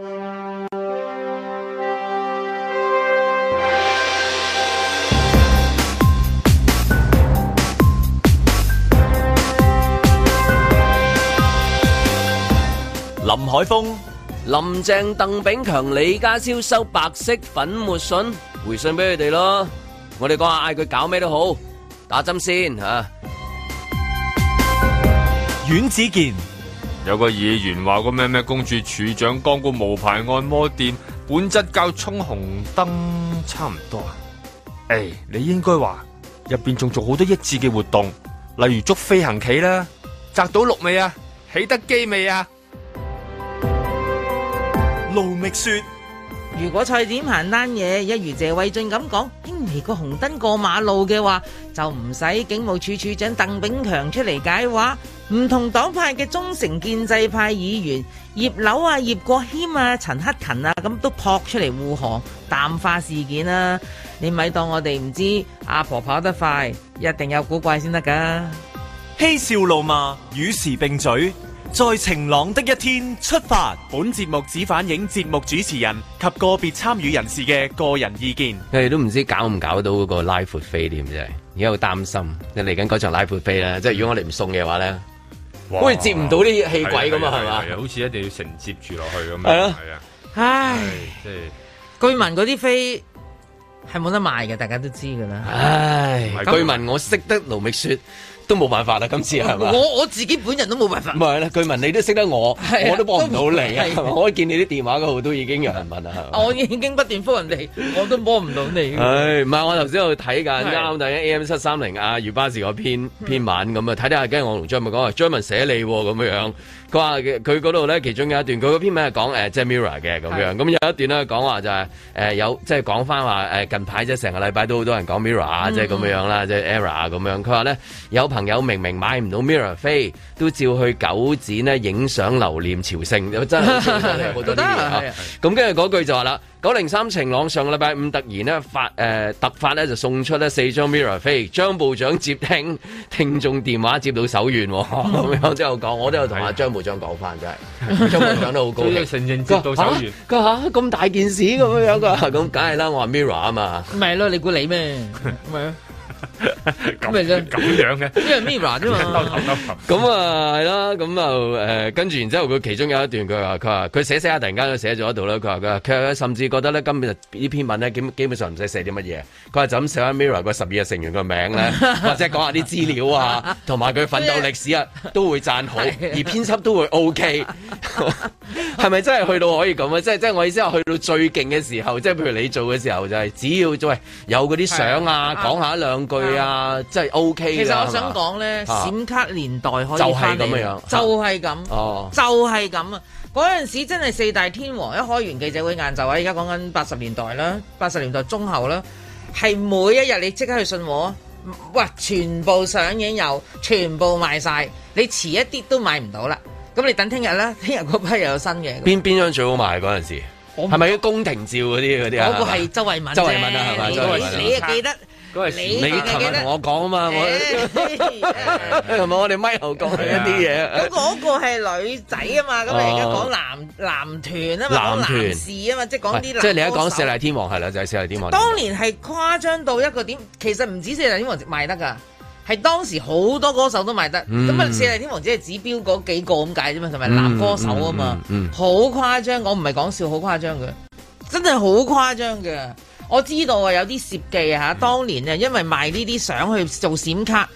林海峰、林鄭、鄧炳強、李家超收白色粉末信，回信俾佢哋咯。我哋講下嗌佢搞咩都好，打針先吓。阮子健。有個議員話個咩咩公署署長光顧無牌按摩店，本質較衝紅燈差唔多啊！誒、哎，你應該話入邊仲做好多益智嘅活動，例如捉飛行棋啦，摘到六未啊，起得機未啊？盧覓雪如果蔡展鵬單嘢，一如謝偉俊咁講，輕微個紅燈過馬路嘅話，就唔使警務處處長鄧炳強出嚟解話，唔同黨派嘅忠誠建制派議員葉劉啊、葉國謙啊、陳克勤啊咁都撲出嚟護航淡化事件啊。你咪當我哋唔知道？阿婆跑得快，一定有古怪先得噶。嬉笑怒罵，與時並嘴。在晴朗的一天出發。本節目只反映節目主持人及個別參與人士嘅個人意見。你哋都唔知道搞唔搞到嗰個拉闊飛添，啫。而家好擔心。你嚟緊嗰場拉闊飛咧，即係如果我哋唔送嘅話咧，好似接唔到啲氣鬼咁啊，係嘛？好似一定要承接住落去咁啊，係啊，啊。唉，即係據聞嗰啲飛係冇得賣嘅，大家都知噶啦。唉，據聞我識得盧覓雪。都冇辦法啦，今次係咪？我我自己本人都冇辦法。唔係啦，據聞你都識得我， 我都幫唔到你啊！ 我見你啲電話號都已經有人問啦。 我已經不斷覆人哋，我都幫唔到你。 唉，唔係我頭先去睇緊啱啱睇 AM 七三零啊，余巴士篇 篇晚我篇篇文咁啊，睇睇下今日我同張文講話，張文寫你咁樣。佢話佢嗰度咧，其中有一段，佢嗰篇名係講即係 MIRROR 嘅咁樣。咁有一段咧講話就係、是、誒、呃、有，即係講翻話近排即係成個禮拜都好多人講 MIRROR 即係咁樣啦，即係 Era 咁樣。佢話咧有朋友明明買唔到 MIRROR 飛都照去九展咧影相留念、朝聖，又真係得。咁跟住嗰句就話啦。九零三晴朗上個禮拜五突然咧發誒、呃、突發咧就送出咧四張 Mirror 飛，張部長接聽聽眾電話接到手軟咁樣，之後講，我都有同阿張部長講翻， 真係張部長都好高興。承 認接到手軟，佢吓咁大件事咁樣噶，咁、 啊，梗係 啦，我話 Mirror 啊嘛，唔係咯，你估你咩？唔係啊。咁 樣咁樣嘅，因為 Mirror 啫嘛，咁啊係啦，咁就誒跟住，然之後佢其中有一段，佢話佢話佢寫寫下，突然間佢寫咗喺度啦。佢話佢話佢甚至覺得咧，今日呢篇文咧，基基本上唔使寫啲乜嘢。佢話就咁寫翻 Mirror 個十二日成員個名咧，或者講下啲資料啊，同埋佢奮鬥歷史啊，都會讚好，而編輯都會 O K。係咪真係去到可以咁啊？即係即係我意思去到最勁嘅時候，即係譬如你做嘅時候，就係、是、只要再有嗰啲相啊，講、啊、下兩句。啊係啊，真係 O K 其實我想講咧，閃、啊、卡年代可以翻嚟就係、是、咁樣，就係、是、咁、啊，就係、是、咁啊！嗰、就、陣、是啊、時真係四大天王一開完記者會晏晝啊！而家講緊八十年代啦，八十年代中後啦，係每一日你即刻去信和，哇，全部上映又全部賣晒，你遲一啲都買唔到啦。咁你等聽日啦，聽日嗰批又有新嘅。邊邊張最好賣嗰陣時？係咪啲宮廷照嗰啲嗰啲啊？嗰個係周慧敏。周慧敏啊，係咪周慧敏。你啊記得。啊你同我講啊嘛，我同埋、哎、 我哋咪頭講一啲嘢。嗰個係女仔啊嘛，咁而家講男男團啊嘛團，講男士啊嘛，即係講啲、哎、即係你一講四大天王係啦，就係、是、四大天王。當年係誇張到一個點，其實唔止四大天王賣得㗎，係當時好多歌手都賣得。咁、嗯、啊，四大天王只係指標嗰幾個咁解啫嘛，同、就、埋、是、男歌手啊嘛，好、嗯嗯嗯嗯、誇張，我唔係講笑，好誇張嘅，真係好誇張嘅。我知道啊，有啲設計嚇，當年咧因為賣呢啲相去做閃卡，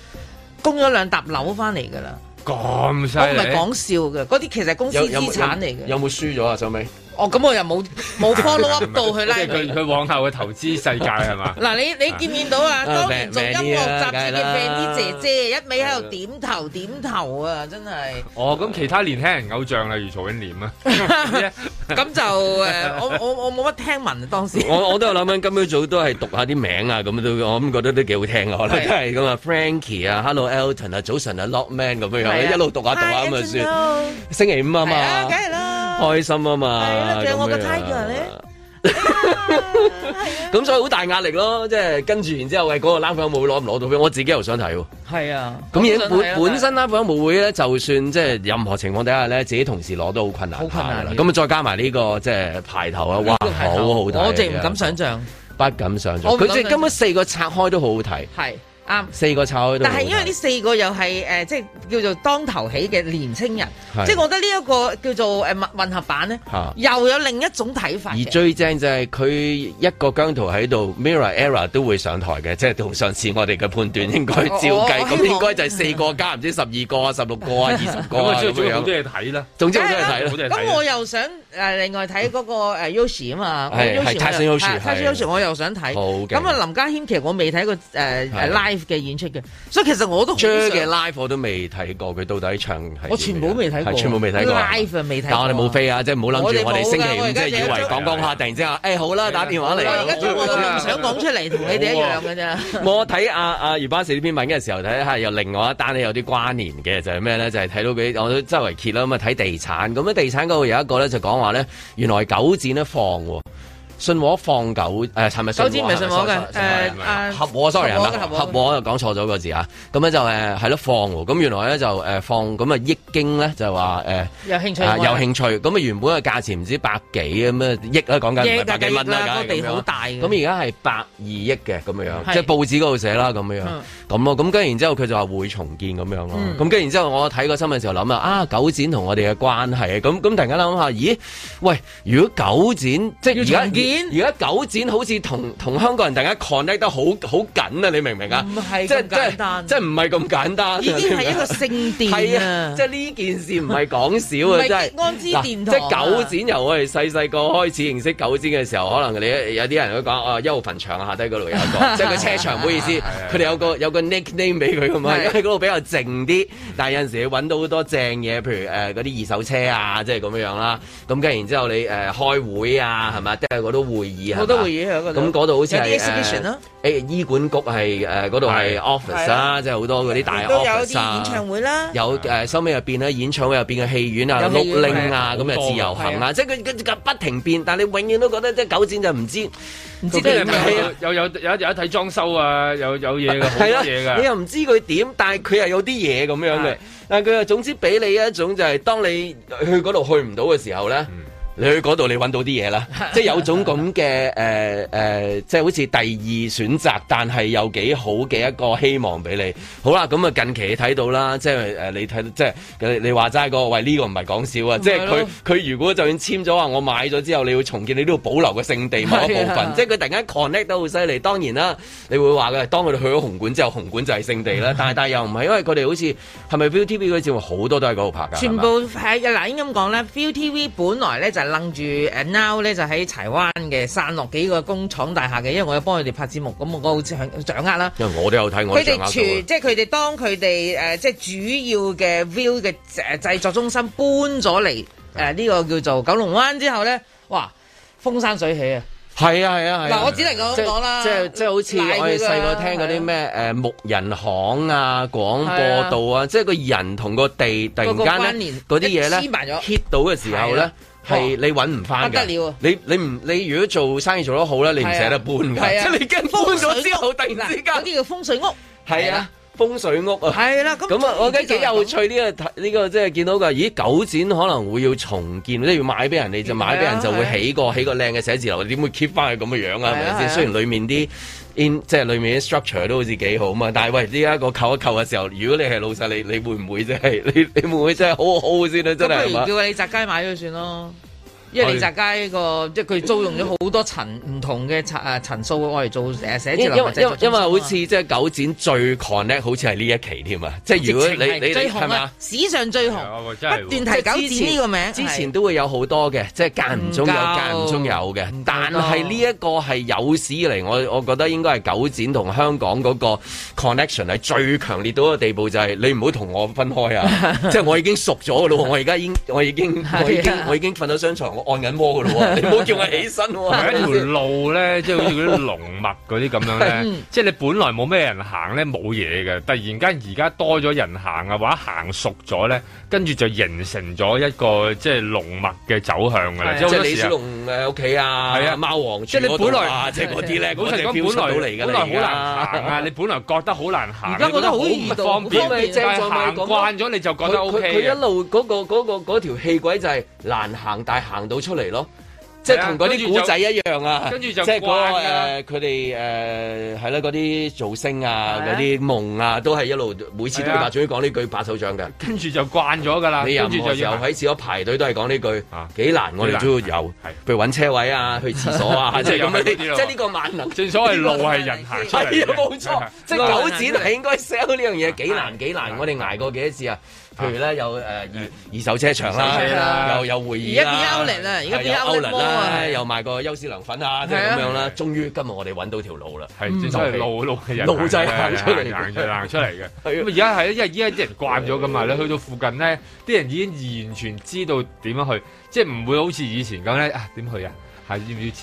供咗兩沓樓翻嚟噶啦。咁犀利？我唔係講笑嘅，嗰啲其實是公司資產嚟嘅。有冇輸咗啊？周尾。哦，咁我又冇冇 follow up 到佢， 即係佢佢往後嘅投資世界係嘛？嗱， 你你見唔見到啊？當年做音樂雜誌嘅啲姐姐一味喺度點頭點頭啊，真係、啊！哦，咁、嗯、其他年輕人偶像例如曹永廉啊，咁就誒我我我冇乜聽聞當時我。我我都有諗緊， 今朝早都係讀下啲名啊，咁都我諗覺得都幾好聽嘅，可能真係咁啊，Frankie 啊，Hello Elton 啊，早晨啊 Lock Man 咁樣樣，一路讀一下讀下咁就先，星期五啊嘛，梗係啦。開心啊嘛，係啊，就我 Tiger 咧，咁 所以好大壓力咯，即係跟住然之後喂，嗰個拉普姆會攞唔攞到，我自己又想睇喎。係啊，咁已經本本身拉普姆會咧，就算即係任何情況底下咧，自己同事攞都好困難，好困難啦。咁啊再加埋呢個即係排頭啊，哇，好好睇啊！我直唔敢想象，不敢想象，佢即係根本四個拆開都好好睇，係。啱，四個炒，但係因為呢四個又係誒，即係叫做當頭起嘅年青人，是即係我覺得呢一個叫做誒、呃、混合版咧，又有另一種睇法。而最正就係佢一個姜濤喺度，Mirror Era 都會上台嘅，即係同上次我哋嘅判斷應該照計，咁應該就係四個加唔知十二個啊，十 六個啊，二十個啊，咁 啊，即係睇啦。總之都係睇啦。咁我又想。另外睇嗰個誒 Yoshi 啊嘛 Yoshi 泰山 Yoshi 泰山 Yoshi 我又想睇。好咁啊，林家謙其實我未睇過誒、uh, live 嘅演出嘅，所以其實我都 j 嘅 live 我都未睇過，佢到底唱係、啊。我全部未睇過。全部未睇過。live 未睇。但我哋冇飛啊，即係唔好諗住我哋星期五即係以為講講下，突然之間、哎、好啦，打電話嚟。我而家 jo 我唔想講出嚟，同你哋一樣嘅啫、 啊。我睇阿阿葉巴士呢篇文嘅時候，睇下又另外一單有啲關聯嘅就係咩咧？就係睇到俾我都周圍揭啦，咁啊睇地產，咁啊地產嗰度有一個咧就講。話咧，原來九展一放信和放狗，誒、啊，係咪信和唔係信和嘅，誒、啊、合和、啊、，sorry，係咪？合和又講錯咗個字啊！咁咧就誒係咯，放咁原來咧就誒放咁啊！益經咧就話誒，有興趣，啊、有興趣。咁啊原本嘅價錢唔知百幾咁啊億啊，講緊、啊、百幾蚊啦、啊，咁樣咁而家係百二億嘅咁樣即係報紙嗰度寫啦，咁樣樣，咁咯。咁跟住然之後佢就話會重建咁樣咯。咁跟住然之後我睇個新聞嘅時候諗啊，啊九展同我哋嘅關係啊！咁咁突然間諗下，咦？喂，如果九展即係而家？而家九展好似同同香港人突然間 connect 得好好緊啊！你明唔明啊？唔係，即係即係即係唔係咁簡單。已經係一個聖殿 啊！即係呢件事唔係講笑啊！即係安之殿堂。即、就、係、是、九展由我哋細細個開始認識九展嘅時候，可能你有啲人會講啊，幽魂場下低嗰度有一個，即係個車場，唔 好意思，佢哋有個有個 nickname 俾佢咁嘛， 因為嗰度比較靜啲。但係有陣時候你揾到好多正嘢，譬如誒嗰啲二手車啊，即係咁樣樣、啊、啦。咁跟住然之後你誒、呃、開會啊，係咪？即會議，會議、嗯、那裡好啊，咁嗰度好似係誒，醫管局係誒嗰度係 office 啦、啊啊，即係好多嗰啲大 office、啊、都有演唱會啦。有誒，收尾入邊咧，演唱會入邊嘅戲院啊，六零啊，咁啊，自由行啊，即係佢不停變。但係你永遠都覺得即係九展就唔、是、知道，唔、啊、知咩嘢、啊、有有，有，有，有一睇裝修啊，有有嘢嘅、啊啊、好多嘢嘅你又唔知佢點，但係佢又有啲嘢咁樣嘅。但係佢又總之俾你一種就係、是、當你去嗰度去唔到嘅時候咧。嗯你去嗰度你揾到啲嘢啦，即係有種咁嘅誒誒，即係好似第二選擇，但係又幾好嘅一個希望俾你。好啦，咁啊近期你睇到啦，即係誒、呃、你睇，即係你話齋個喂呢個唔係講笑啊！即係佢佢如果就算簽咗話我買咗之後你會重建你都要保留嘅聖地某一部分。即係佢突然間 connect 得好犀利。當然啦，你會話嘅，當佢哋去咗紅館之後紅館就係聖地啦。 但係但係又唔係因為佢哋好似係咪 Viu TV 嘅節目好多都喺嗰度拍噶，全部嗱應咁講咧 Viu TV 本來咧就。楞住誒 now 咧就喺柴灣嘅山落幾個工廠大廈嘅，因為我要幫佢哋拍節目，咁我好似掌握啦。因為我都有睇，我佢哋全即係佢哋當佢哋誒即係主要嘅 view 嘅誒、呃、製作中心搬咗嚟誒呢個叫做九龍灣之後咧，哇風生水起係啊！係啊係啊！嗱、啊啊，我只能咁講啦，即係即係好似我哋細個聽嗰啲咩誒木人巷啊、廣播道啊，係啊即係個人同個地突然間咧嗰啲嘢咧 hit 到嘅時候咧。係你搵唔翻，不得了啊！你你唔你如果做生意做得好咧，你唔捨得搬噶，係啊、即係你驚搬咗之後突然之間呢個風水屋係啊。風水屋啊，係、嗯、啦，咁咁啊，我覺得幾有趣呢個呢個，即係見到噶，咦，九展可能會要重建，即係要買俾人，你就買俾人就會起個起個靚嘅寫字樓，點會 keep 翻佢咁嘅樣啊？係咪先？雖然裏面啲 in 即係裏面啲 structure 都好似幾好啊嘛，但係喂，呢家個扣一扣嘅時候，如果你係老細，你你會唔會即係你你會唔會即係好好先啊？真係，不如叫你閘街買咗算咯。因為利澤街一個即係佢租用咗好多層唔、嗯、同嘅層啊陳我哋嚟做寫寫字樓，因為好似即係九展最 connect，好似係呢一期添啊！即係如果你你係嘛？史上最紅，不斷提九展呢個名，之前都會有好多嘅，即、就、係、是、間唔中有間唔中有嘅，但係呢一個係有史以嚟，我我覺得應該係九展同香港嗰個 connection 係最強烈到個地步，就係、是、你唔好同我分開啊！即 係我已經熟咗嘅咯，我而家已經我已經我已經我已經瞓咗商場。我已經我已經按緊窩噶咯喎，你唔好叫佢起身喎。一條路咧，即係好似嗰啲龍脈嗰啲咁樣咧，即係你本來冇咩人行咧，冇嘢嘅。突然間而家多咗人行啊，或者行熟咗咧，跟住就形成咗一個即係龍脈嘅走向噶啦。即係李小龍嘅屋企啊，係啊，貓王。即係你本來，即係嗰啲咧，嗰陣時本來本來好難行啊！你本來覺得好難行，而家覺得好易到，因為行慣咗你就覺得 O K 啊。佢佢一路嗰個嗰個嗰條氣軌就係難行，但係行。到出嚟咯，即係同嗰啲古仔一樣啊！是啊跟就跟就啊即係嗰、那個誒，佢哋誒係啦，嗰啲、呃啊、造星啊，嗰啲夢啊，都係一路每次都要拍嘴講呢句拍手掌嘅、啊。跟住就慣咗噶啦，你任何時候喺廁所排隊都係講呢句，幾、啊、難我哋都要有，譬、啊啊、如搵車位啊、去廁所啊， 是啊即係咁樣即係呢個萬能，正所謂路係、這個、人行出嚟，冇錯，即係報紙係應該 sell 呢樣嘢，幾難幾難，我哋挨過幾多次啊！譬如咧有誒二二手車場啦，又、啊、有，有，有會議啦，而家變優力啦，而家變優力啦，又賣個優思涼粉啊，即係咁樣啦。終於今日我哋揾到條路啦，係、嗯就係，路嘅人路係行路擠行出嚟，行出嚟嘅。咁而家係咧，因為而家啲人慣咗噶嘛，你去到附近咧，啲人已經完全知道點樣去，即係唔會好似以前咁咧啊點去啊？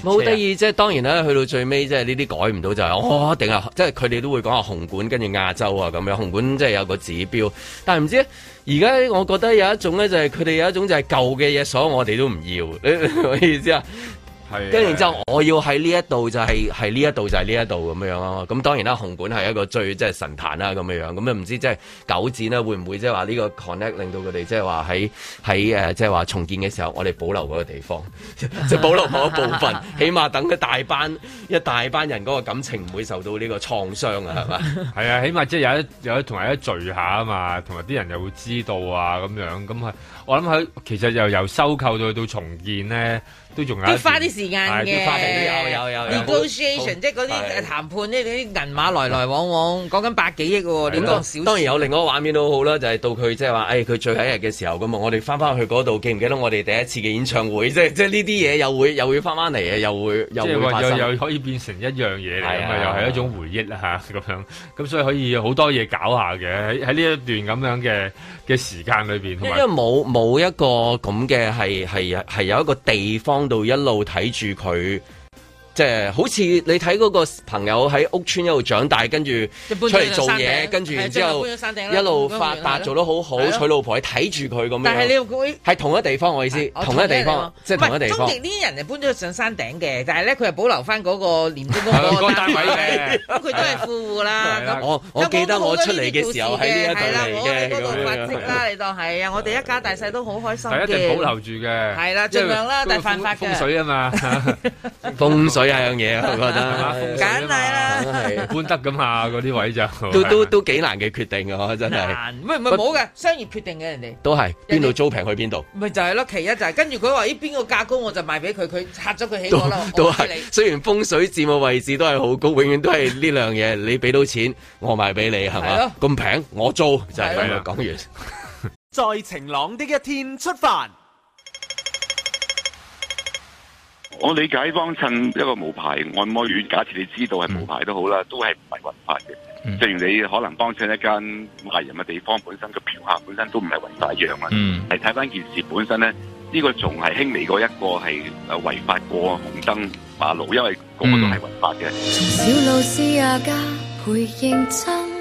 好得意，即係當然啦，去到最尾，即係呢啲改唔到就係、是、我、哦哦，定係即係佢哋都會講下紅館，跟住亞洲啊咁樣，紅館即係有個指標，但係唔知而家我覺得有一種咧、就是，就係佢哋有一種就係舊嘅嘢，所以我哋都唔要，你嘅意思啊？ 跟住然之後,後，我要喺呢一度就係喺呢一度就係呢一度咁樣咯。咁、嗯、當然啦，紅館係一個最即係神壇啦咁樣樣。咁啊唔知即係九展咧，會唔會即係話呢個 connect 令到佢哋即係話喺喺誒即係話重建嘅時候，我哋保留嗰個地方，即係保留某一部分， 起碼等佢大班一大班人嗰個感情唔會受到呢個創傷啊，係嘛？係啊，起碼即係有,有,有,有得一有一同埋一聚下啊嘛，同埋啲人又會知道啊咁樣咁係。我諗喺其實又由,由收購到去到重建咧。都仲有，都花啲時間嘅。有有有。negotiation 即係嗰啲誒談判咧，啲銀碼來來往往，講緊百幾億喎。你講當然有另外一個畫面都好啦，就係、是、到佢即係話誒佢最後一日嘅時候咁啊！我哋翻翻去嗰度，記唔記得我哋第一次嘅演唱會，即係即係呢啲嘢又會又會翻翻嚟啊，又會又即又會、就是、又，又可以變成一樣嘢嚟啊！又係一種回憶啦吓咁樣，咁所以可以好多嘢搞下嘅喺呢一段咁樣嘅嘅時間裏邊，因為冇冇一個咁嘅係係係有一個地方。度一路睇住佢。即係好似你睇嗰個朋友喺屋村一路長大，跟住出嚟做嘢，跟住然之後一路發達，做得好好，娶老婆睇住佢咁樣。但係你會係同一地方，我意思同一地方，即係同、就是、同一地方，呢啲人係搬咗上山頂嘅，但係咧佢係保留翻嗰個廉租屋嗰單位嘅，佢 都係富戶啦。我我記得我出嚟嘅時候喺呢一度嚟嘅。係啦，我哋嗰係啊，我哋一家大細都好開心嘅，係啦，盡量啦，但係犯法嘅風水啊嘛，風水。有樣嘢啊，我覺得，簡單啦，搬得噶嘛，嗰啲位就都都都幾難嘅決定啊，真係，唔係唔係冇嘅，商業決定嘅人哋，都係邊度租平去邊度，咪就係咯，其一就係跟住佢話咦邊個價高我就賣俾佢，佢拆咗佢起都係，雖然風水佔嘅位置都係好高，永遠都係呢樣嘢，你俾到錢我賣俾你係咪？咁平我租就係咁樣講完，在晴朗的一天出發。我理解幫襯一個無牌按摩院，假設你知道係無牌都好啦，都係唔係違法嘅。正、嗯、如你可能幫襯一間賣淫嘅地方，本身個嫖客本身都唔係違法一樣，嗯，係睇翻件事本身咧，呢、這個仲係輕微過一個係違法過紅燈馬路，因為個個都係違法嘅。從、嗯、小老師阿家陪認真。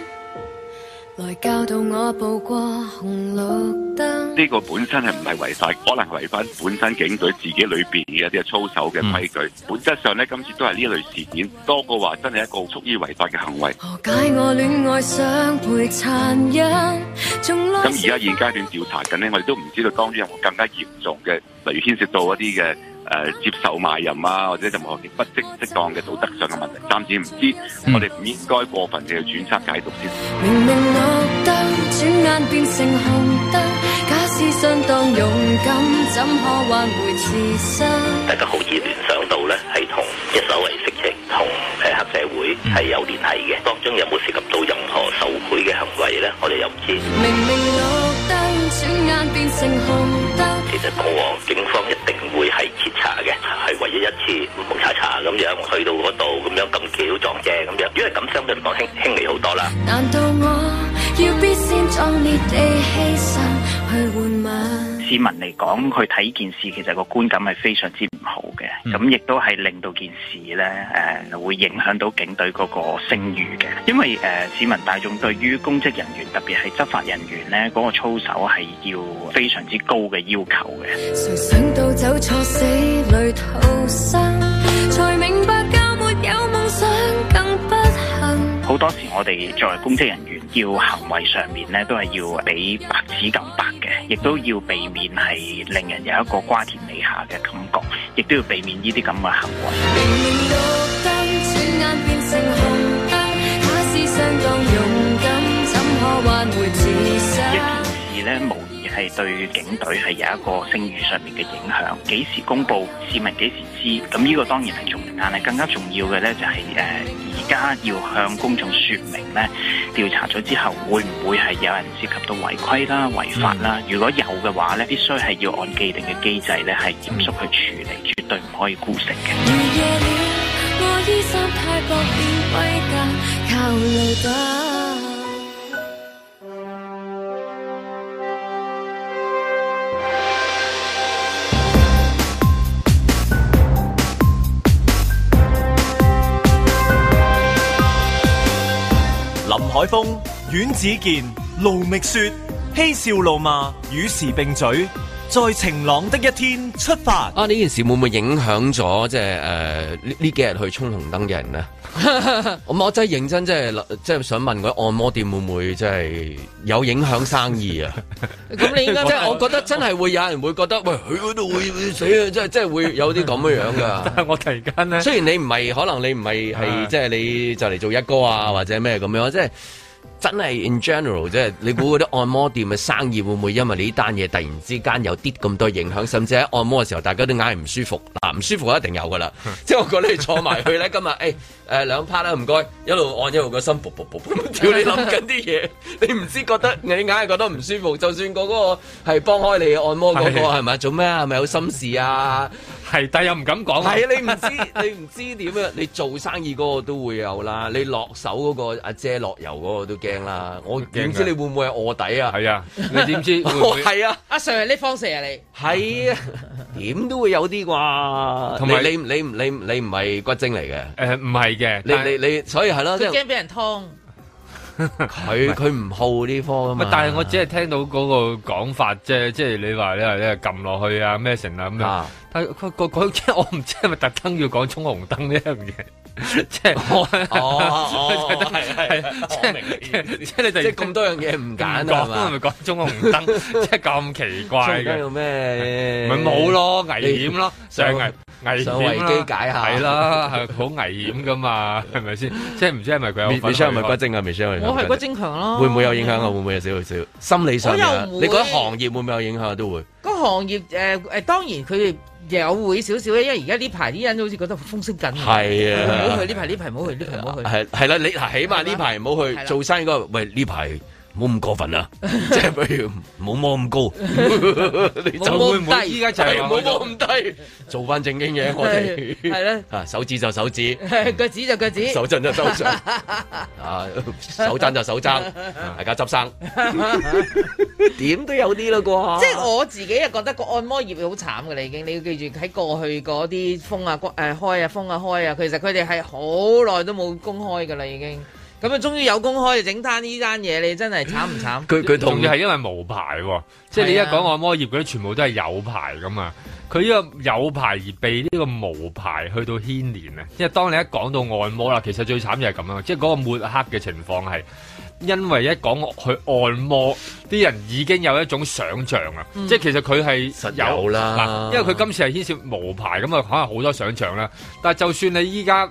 來教導我衝過紅綠燈呢、呢個本身係唔係違法，可能違反本身警隊自己裏邊嘅一啲操守嘅規矩。本質上呢，今次都係呢類事件多過話真係一個蓄意違法嘅行為。咁而家現階段調查緊呢，我哋都唔知道當中有冇更加嚴重嘅，例如牽涉到一啲嘅。呃、接受賣淫啊，或者任何不適適當嘅道德上嘅問題，暫時唔知、嗯。我哋唔應該過分地去揣測解讀先。大家好易聯想到呢，係同一所謂色情同誒黑社會係有聯繫嘅，當中有冇涉及到任何受賄嘅行為呢？我哋又唔知。明明過往警方一定會係徹查嘅，係唯一一次唔好查查咁樣，去到嗰度咁樣咁幾好撞正。咁樣，樣，因為咁相對嚟講輕輕微好多啦。難道，我要必先市民嚟講，去睇件事其實個觀感係非常之唔好嘅，咁亦都係令到件事咧誒、呃、會影響到警隊嗰個聲譽嘅。因為誒、呃、市民大眾對於公職人員特別係執法人員咧嗰、嗰個操守係要非常之高嘅要求嘅。好多時，我哋作為公職人員，要行為上面呢，都係要比白紙更白嘅，亦都要避免係令人有一個瓜田李下嘅感覺，亦都要避免呢啲咁嘅行為。一件事呢，係對警隊係有一個聲譽上面嘅影響，幾時公佈，市民幾時知？咁呢個當然係重要，但係更加重要嘅呢、就是，就係誒而家要向公眾説明呢調查咗之後會唔會係有人涉及到違規啦、違法啦、嗯？如果有嘅話呢，必須係要按既定嘅機制呢，係嚴肅去處理，絕對唔可以姑息嘅。海峰，阮子健，盧覓雪，嬉笑怒罵，與時並嘴。在晴朗的一天出發。啊，呢件事會唔會影響咗即係誒呢呢幾日去衝紅燈嘅人呢？我 我真係認真，即係即係想問嗰按摩店會唔會即係、就是、有影響生意啊？咁 你應該即係我覺得真係會有人會覺得 喂，佢度會 死，即係即係會有啲咁樣樣噶。 但係我突然間咧，雖然你唔係，可能你唔係係即係你就嚟做一哥啊，或者咩咁樣，即、就、係、是。真係 in general，即係你估嗰啲按摩店嘅生意會唔會因為呢單嘢突然之間有啲咁多影響，甚至喺按摩嘅時候大家都硬係唔舒服，嗱，唔舒服一定有噶啦。即係我覺得你坐埋去咧，今日誒兩 part 啦，唔該，一路按一路個心卜卜卜卜，屌你諗緊啲嘢，你唔知覺得你硬係覺得唔舒服，就算嗰個係幫開你按摩嗰、嗰個係咪 做咩啊？係咪有心事啊？係，但又唔敢講。係 啊，你唔知，你唔知點樣？你做生意嗰個都會有啦，你落手嗰個阿姐落油嗰個都驚啦。我點知你會唔會係卧底啊？係 啊，你點知？係啊，阿 Sir 呢方成呀，你係啊，點都會有啲啩？同埋你你你你唔係骨精嚟嘅？誒唔係嘅，你你你，所以係咯，都驚俾人㓥。佢佢唔好呢科噶嘛，但係我只係聽到嗰個講法啫，就是啊，即係你話你話你係撳落去啊咩成啊咁樣，但佢佢佢即我唔知係咪特登要講衝紅燈呢樣嘢，即係我，即即你哋咁多樣嘢唔揀啊咪講衝紅燈，即係咁 奇怪嘅，仲驚到咩？咪冇咯，危險咯，上、欸危險啦，係啦，係好危險噶嘛，係咪先？即係唔知係咪佢有。未必，係咪骨精啊？未必，我係骨精強咯。會唔會有影響啊？會唔會有少少心理上？你覺得行業會唔會有影響啊？都會。個行業誒誒，當然佢有會少少咧，因為而家呢排啲人好似覺得風聲緊。係啊，唔好去呢排呢排，唔好去呢排唔好去。係係啦，你起碼呢排唔好去做生意。嗰喂呢排。唔好咁過分啦，即係比如唔好摸咁高，你就會唔依家就係唔好摸咁低，做翻正經嘢。我哋係咧，啊手指就手指，腳趾就腳趾，手震就手震，啊手踭就手踭，大家執生，點都有啲啦啩。即係我自己又覺得個按摩業好慘噶啦，已經。你要記住喺過去嗰啲封啊，誒開啊封啊開啊，其實佢哋係好耐都冇公開噶啦，已經。咁啊，終於有公開整攤呢單嘢，你真係慘唔慘？佢佢同樣係因為無牌，即係你一講按摩業嗰啲，全部都係有牌咁啊，佢呢個有牌而被呢個無牌去到牽連啊！即係當你一講到按摩啦，其實最慘就係咁啊。即係嗰個抹黑嘅情況係因為一講去按摩，啲人已經有一種想象啊！即係其實佢係、嗯、實有啦，因為佢今次係牽涉無牌，咁啊可能好多想象啦。但係就算你依家。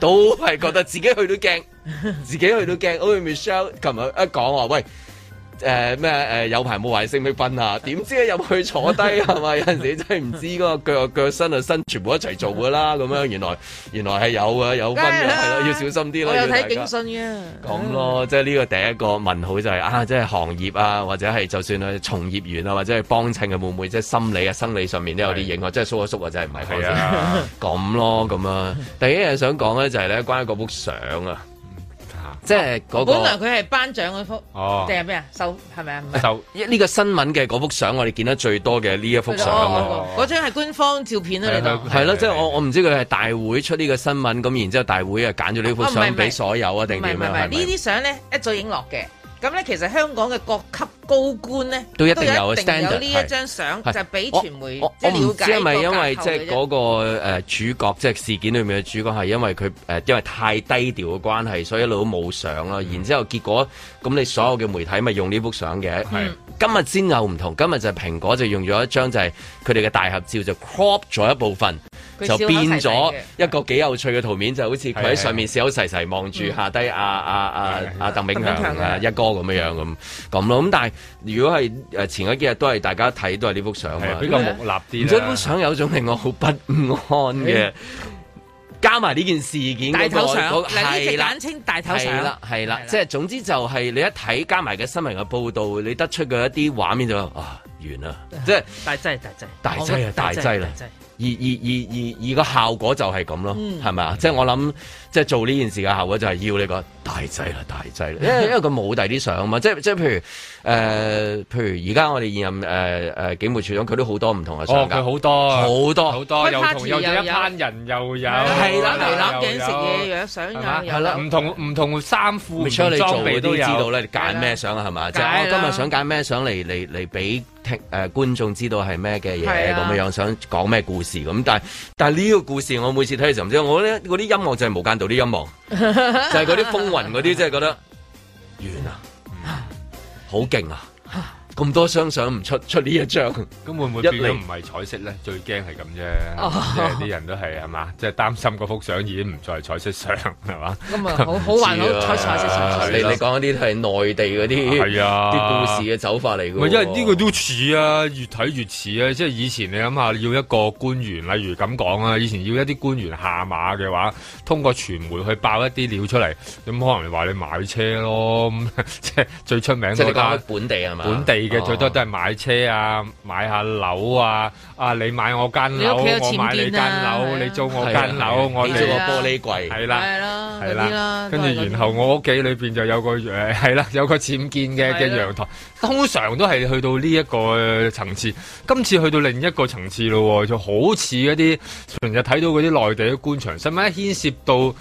都係覺得自己去到驚， 自己去到驚。我哋 Michelle 琴日一講話，喂。誒咩誒有排冇排升咩分啊？點知入去坐低係嘛？有陣時真係唔知嗰個腳啊腳，身啊身，全部一齊做㗎啦。咁樣，原來原來係有嘅，有分嘅咯、哎，要小心啲咯。我有睇警訊嘅。咁咯，即係呢個第一個問號就係、是、啊，即係行業啊，或者係就算咧從業員啊，或者係幫襯嘅會唔會即係心理啊生理上面都有啲影響，即係縮一縮啊，真係唔係？係啊。咁咯，咁啊。第二樣想講咧就係、是、咧，關於嗰幅相啊。即係嗰、那個，本來佢係頒獎嗰幅，定係咩啊？受係咪啊？受、這、呢個新聞嘅嗰幅相，我哋見得最多嘅呢一幅相。嗰、oh, oh, oh, oh. 張係官方照片啊？你係咯，即 係我我唔知佢係大會出呢個新聞，咁然之後大會啊揀咗呢幅相俾所有啊定點啊？唔係唔係，呢啲相咧一早影落嘅。咁咧其實香港嘅各級。高官呢都一定有 stander 呢一張相就俾傳媒，即係瞭解一個架構嘅啫。我唔知係咪因為即係嗰個主角，即係事件裏面嘅主角，係因為佢、呃、因為太低調嘅關係，所以一路都冇相啦。然之後結果咁，你所有嘅媒體咪用呢幅相嘅。今日先有唔同，今日就蘋果就用咗一張，就係佢哋嘅大合照，就 crop 咗一部分，就變咗一個幾有趣嘅圖面，就好似佢喺上面笑口噬噬望住下低阿啊啊阿、啊、鄧炳強啊，炳啊一哥咁樣樣咁咁咯。咁但係如果係誒前嗰幾日都係大家睇都係呢幅相啊，比較木立啲。所以呢幅相有一種令我好不安嘅。加埋呢件事件大、嗰個嗱，呢隻簡稱大頭相啦，係、那、啦、個，即係、這個就是、總之就係你一睇加埋嘅新聞嘅報道，你得出嘅一啲畫面就啊完啦，即係、就是、大劑大劑大劑啊大劑啦，而而而而而個效果就係咁咯，係咪啊？即係、嗯就是、我諗，即、就、係、是、做呢件事嘅效果就係要呢個。大制啦，大制啦，因為佢冇第啲相啊嘛，即係即係譬如誒、呃，譬如而家我哋現任誒誒、呃、警務處長，佢都好多唔同嘅相㗎，好多好多好多，又又一班人又有，係啦係啦，鏡食嘢樣相㗎，係啦，唔同唔同衫褲唔出嚟做嗰啲，知道咧，你揀咩相係嘛？即係我、就是哦、今日想揀咩相嚟嚟嚟俾聽誒觀眾知道係咩嘅嘢咁樣樣，想講咩故事咁，但係但係呢個故事我每次睇嘅時候唔知，我啲音樂就係無間道啲音樂， 就係嗰啲風雲。嗰啲真係覺得完啊，好勁啊！啊咁多張相唔出出呢一張，咁 會唔會變咗唔係彩色咧？ 最驚係咁啫，啲 人都係係嘛，即係擔心嗰幅相已經唔再彩色相係嘛。咁啊，好好難出彩色相。你你講嗰啲係內地嗰啲係啊，啲、 啊、故事嘅走法嚟。唔因為呢個都似啊，越睇越似啊。即係以前你諗下，要一個官員，例如咁講啊，以前要一啲官員下馬嘅話，通過傳媒去爆一啲料出嚟，咁可能話你買車咯，即 係最出名嗰 本地係嘛，本地。最多都係買車啊，買下樓啊，啊你買我間樓，我買你間樓，你租我間樓，我做個玻璃櫃，係啦，係啦，跟住然後我屋企裏邊就有個，係啦，有個僭建嘅嘅陽台，通常都係去到呢一個層次，今次去到另一個層次咯，就好似一啲成日睇到嗰啲內地嘅官場，使唔使牽涉到？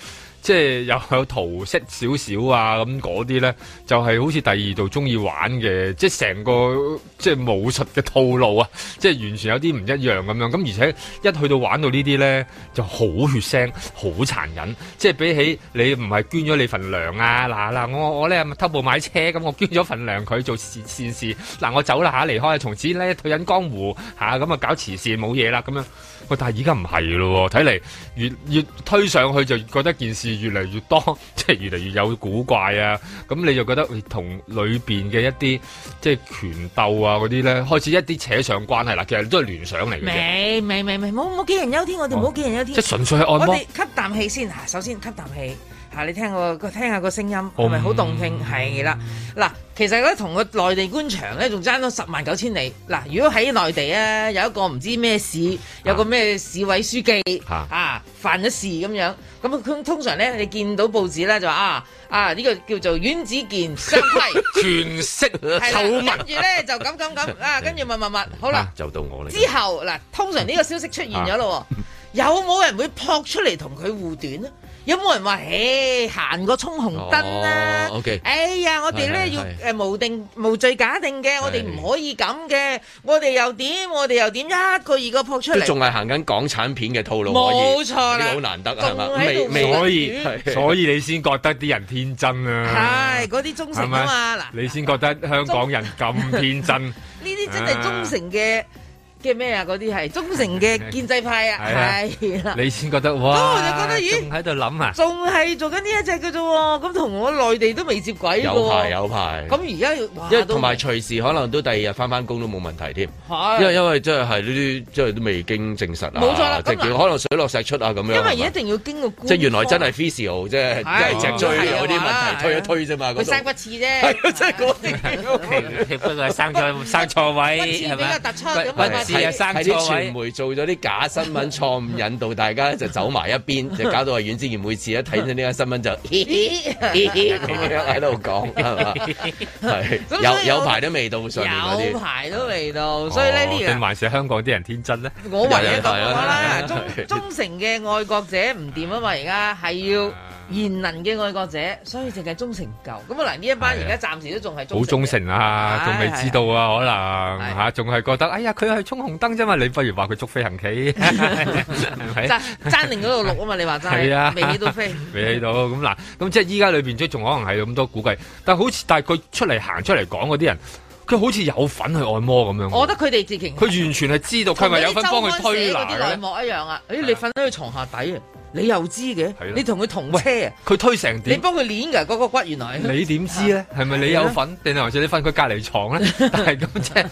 即係又有桃色少少啊，咁嗰啲咧，就係、是、好似第二度中意玩嘅，即係成個即係武術嘅套路啊！即係完全有啲唔一樣咁樣。咁而且一去到玩到呢啲咧，就好血腥、好殘忍。即係比起你唔係捐咗你份糧啊！嗱嗱，我我咧偷步買車咁，我捐咗份糧佢做善善事。嗱，喇我走啦吓，離開，從此咧退隱江湖吓，咁啊搞慈善冇嘢啦咁樣。喂、哦，但係而家唔係咯，睇嚟越越推上去就覺得件事。越嚟越多，即係越嚟越有古怪啊！咁你就覺得同裏邊嘅一啲即係拳鬥啊嗰啲咧，開始一啲扯上關係啦。其實都係聯想嚟嘅。唔係唔係冇冇杞人憂天，我哋唔好杞人憂天。即純粹係按摩。我哋吸啖氣先啊，首先吸啖氣吓，你聽個聽下個聲音係咪好動聽？係啦，嗱。.其實咧，同個內地官場咧，仲爭咗十萬九千里。嗱，如果喺內地啊，有一個唔知咩市，有個咩市委書記啊，啊犯咗事咁樣，咁、嗯、佢通常咧，你見到報紙呢，就話啊啊呢、這個叫做冤子健，相 輝，權色流物。跟住咧就咁咁咁啊，跟住問問問。好啦，啊、就到我之後嗱，通常呢個消息出現咗咯、啊，有冇人會撲出嚟同佢護短呢？有冇人話誒行過衝紅燈啦、啊？哦、okay, 哎呀，我哋咧要誒、呃、無定無罪假定嘅，我哋唔可以咁嘅。我哋又點？我哋又點？一個二個撲出嚟，都仲係行緊港產片嘅套路。冇錯好難得啊！咪未可以，所以，所，以所以你先覺得啲人天真啊？係嗰啲忠誠啊嘛！嗱，你先覺得香港人咁天真？呢啲真係忠誠嘅。啊嘅咩啊？嗰啲係忠誠嘅建制派啊，係啦，你先覺得哇，就覺得咦，仲喺度諗啊，仲係做緊呢一隻嘅啫喎，咁同我內地都未接軌喎，有排有排，咁而家，一同埋隨時可能都第二日翻翻工都冇問題添，係，因為因為即係係呢啲即係都未經證實啊，冇錯啦，即係可能水落石出啊咁樣，因為一定要經過，即係原來真係 feasible，即係脊椎有啲問題推一推啫嘛，佢生骨刺啫，係啊，即係嗰啲，不過係生錯生錯位係咪啊？骨刺呢個突出咁啊？係啊，係啲傳媒做咗啲假新聞，錯誤引導大家就走埋一邊，就搞到啊阮志賢每次一睇到呢個新聞就喺度講，係 嘛？係有有排都未到上面嗰啲，面有排都未到，所以咧啲人還是香港啲人天真咧。我唯一講講啦，忠忠誠嘅愛國者唔掂啊嘛，而家係要。賢能嘅愛國者，所以淨係忠誠唔夠。咁啊，嗱呢一班而家暫時都仲係好忠誠啊，仲未知道啊，可能吓仲係覺得，哎呀佢係衝紅燈啫嘛，你不如話佢捉飛行棋，爭爭定嗰度錄啊嘛，你話爭，係啊？未起到飛，未起到咁嗱，咁即係依家裏邊即仲可能係咁多估計，但好似但係佢出嚟行出嚟講嗰啲人，佢好似有份去按摩咁樣。我覺得佢哋自強，佢完全係知道佢係咪有份幫佢推啲按摩一樣啊？誒、啊，你瞓喺佢床下底啊？你又知嘅，你同佢同車啊？佢推成點，你幫佢攣㗎嗰個骨原來。你點知咧？係咪你有份定係或者你分佢隔離牀咧？但係咁即係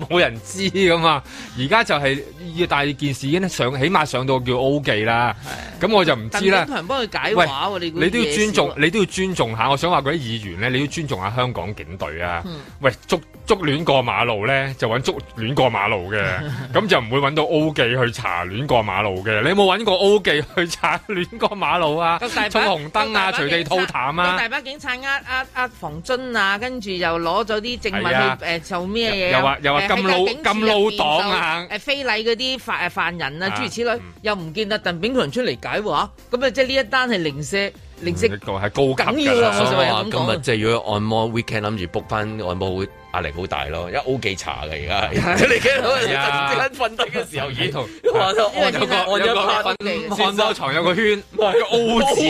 冇人知噶嘛？而家就係要大件事已經上，起碼上到叫 O 記啦。咁我就唔知啦。但係幫佢解畫、啊、你都要尊重，你都要尊重下。我想話嗰啲議員咧，你要尊重下香港警隊啊。 喂，捉捉亂過馬路咧，就揾捉亂過馬路嘅，咁 就唔會揾到 O 記去查亂過馬路嘅。你沒有冇揾過 O 記去查？亂過馬路啊，咁大衝紅燈啊，隨地吐痰啊，大把警察呃呃呃防樽啊，跟住又攞咗啲證物去誒做咩嘢？又話、呃、又話咁老咁老黨、呃、啊？誒非禮嗰啲犯犯人啊，諸如此類，又唔見阿鄧炳強出嚟解喎？咁啊即係呢一單係零舍零舍，緊要、嗯嗯、啊！哇，今日即係如果按摩，weekend 諗住 book 翻按摩會。壓力好大咯，一 O 記查嘅而家，你見到佢突然之間瞓低嘅時候，而同話就按摩牀有個圈，唔 係個 O 字，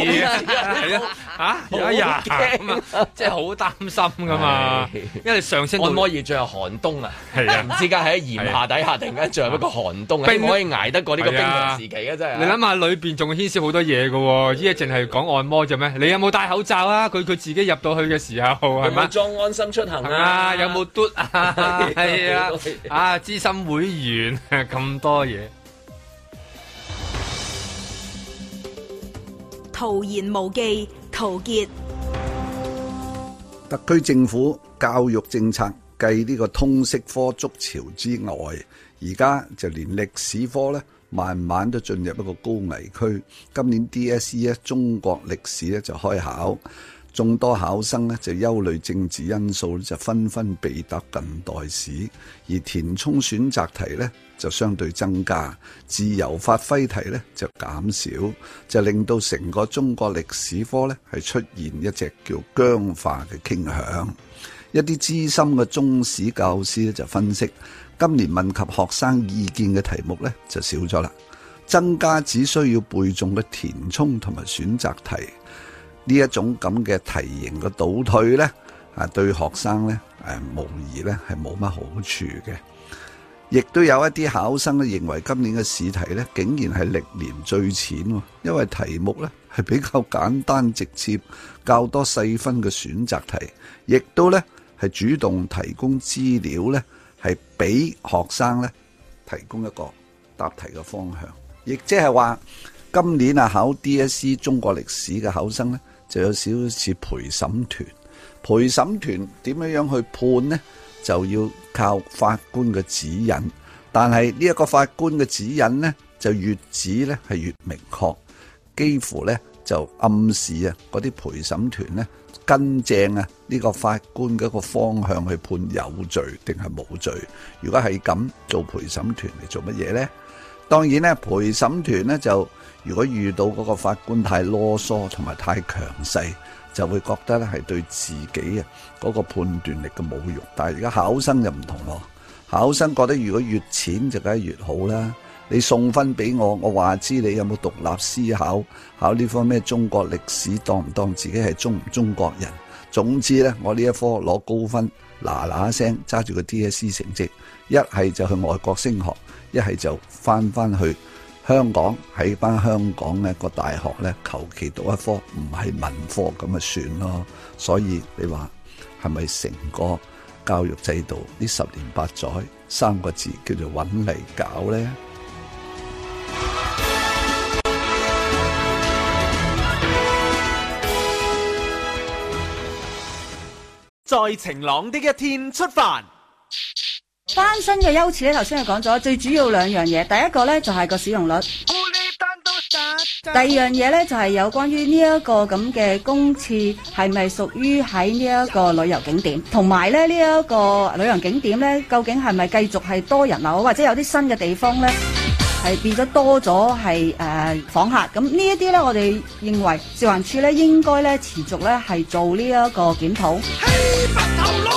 係咯嚇，好驚啊！嗯啊嗯哎嗯嗯、即係好擔心噶嘛，因為上身按摩而著係寒冬啊，係、嗯、啊，唔知家喺炎下底下突然間著一個寒冬，並唔可以捱得過呢個冰寒時期嘅真係。你諗下裏邊仲牽涉好多嘢嘅喎，依一陣淨係講按摩啫咩？你有冇戴口罩啊？佢佢自己入到去嘅時候係咪裝安心出行啊？有。好多啊，係啊，啊資深會員咁、啊、多嘢。陶言無忌，陶傑。特區政府教育政策繼呢個通識科逐潮之外，而家就連歷史科咧，慢慢都進入一個高危區。今年 DSE 咧，中國歷史咧就開考。眾多考生呢，就憂慮政治因素就紛紛被答近代史，而填充選擇題呢，就相對增加，自由發揮題呢，就減少，就令到成個中國歷史科呢，係出現一隻叫僵化嘅傾向。一啲資深嘅中史教師咧就分析，今年問及學生意見嘅題目呢，就少咗啦，增加只需要背誦嘅填充同埋選擇題。呢一種咁嘅題型嘅倒退呢，啊對學生呢，無疑呢，係冇乜好處嘅。亦都有一啲考生呢認為今年嘅試題呢，竟然係歷年最淺喎，因為題目呢，係比較簡單直接，較多細分嘅選擇題，亦都呢，係主動提供資料呢，係俾學生呢，提供一個答題嘅方向。亦即係話今年啊考 DSE 中國歷史嘅考生呢。就有少少似陪審團，陪審團點樣樣去判呢？就要靠法官嘅指引，但係呢一個法官嘅指引呢，就越指咧係越明確，幾乎咧就暗示啊，嗰啲陪審團呢，跟正啊呢個法官嘅一個方向去判有罪定係冇罪。如果係咁做陪審團嚟做乜嘢呢？當然咧，陪審團呢，就。如果遇到嗰個法官太囉嗦同埋太強勢，就會覺得咧係對自己啊嗰個判斷力嘅侮辱。但係而家考生就唔同咯，考生覺得如果越淺就梗係越好啦。你送分俾我，我話知你有冇獨立思考，考呢科咩中國歷史當唔當自己係中中國人？總之咧，我呢一科攞高分，嗱嗱聲揸住個 DSE 成績，一係就去外國升學，一係就返返去。香港喺班香港咧，個大學咧，求其讀一科唔係文科咁咪算咯。所以你話係咪成個教育制度呢十年八載三個字叫做揾嚟搞呢？在晴朗的一天出發。翻新嘅優次咧，頭先係講咗最主要兩樣嘢，第一個咧就係個使用率，第二樣嘢咧就係有關於呢一個咁嘅公廁係咪屬於喺呢一個旅遊景點，同埋咧呢一個旅遊景點咧究竟係咪繼續係多人流，或者有啲新嘅地方咧係變咗多咗係誒訪客，咁呢一啲咧我哋認為食環署咧應該咧持續咧係做呢一個檢討。Hey,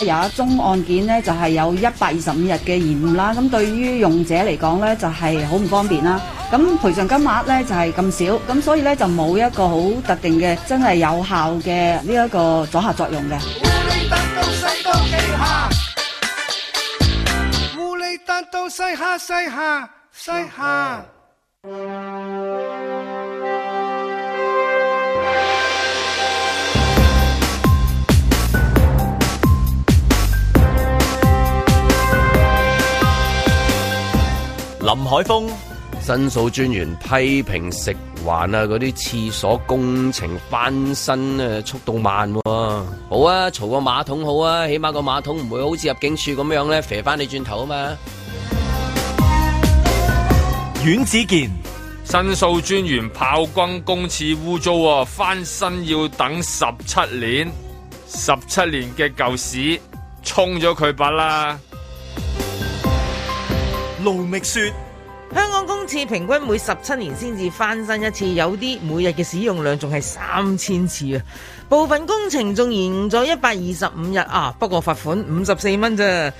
有一宗案件呢，就係有一百二十五日嘅延誤啦。咁對於用者嚟講呢，就係好唔方便啦。咁賠償金額呢，就係咁少，咁所以呢，就冇一個好特定嘅，真係有效嘅呢一個阻嚇作用嘅。林海峰申訴專員批評食環啊，嗰啲廁所工程翻新咧、啊、速度慢喎、啊。好啊，嘈個馬桶好啊，起碼個馬桶唔會好似入境處咁樣咧，肥翻你轉頭啊嘛。阮子健申訴專員炮轟公廁污糟啊，翻新要等十七年，十七年嘅舊屎沖咗佢筆啦。勞力說，香港公廁平均每十七年先至翻新一次，有啲每日嘅使用量仲係三千次啊！部分工程仲延咗一百二十五日啊！不過罰款五十四蚊啫，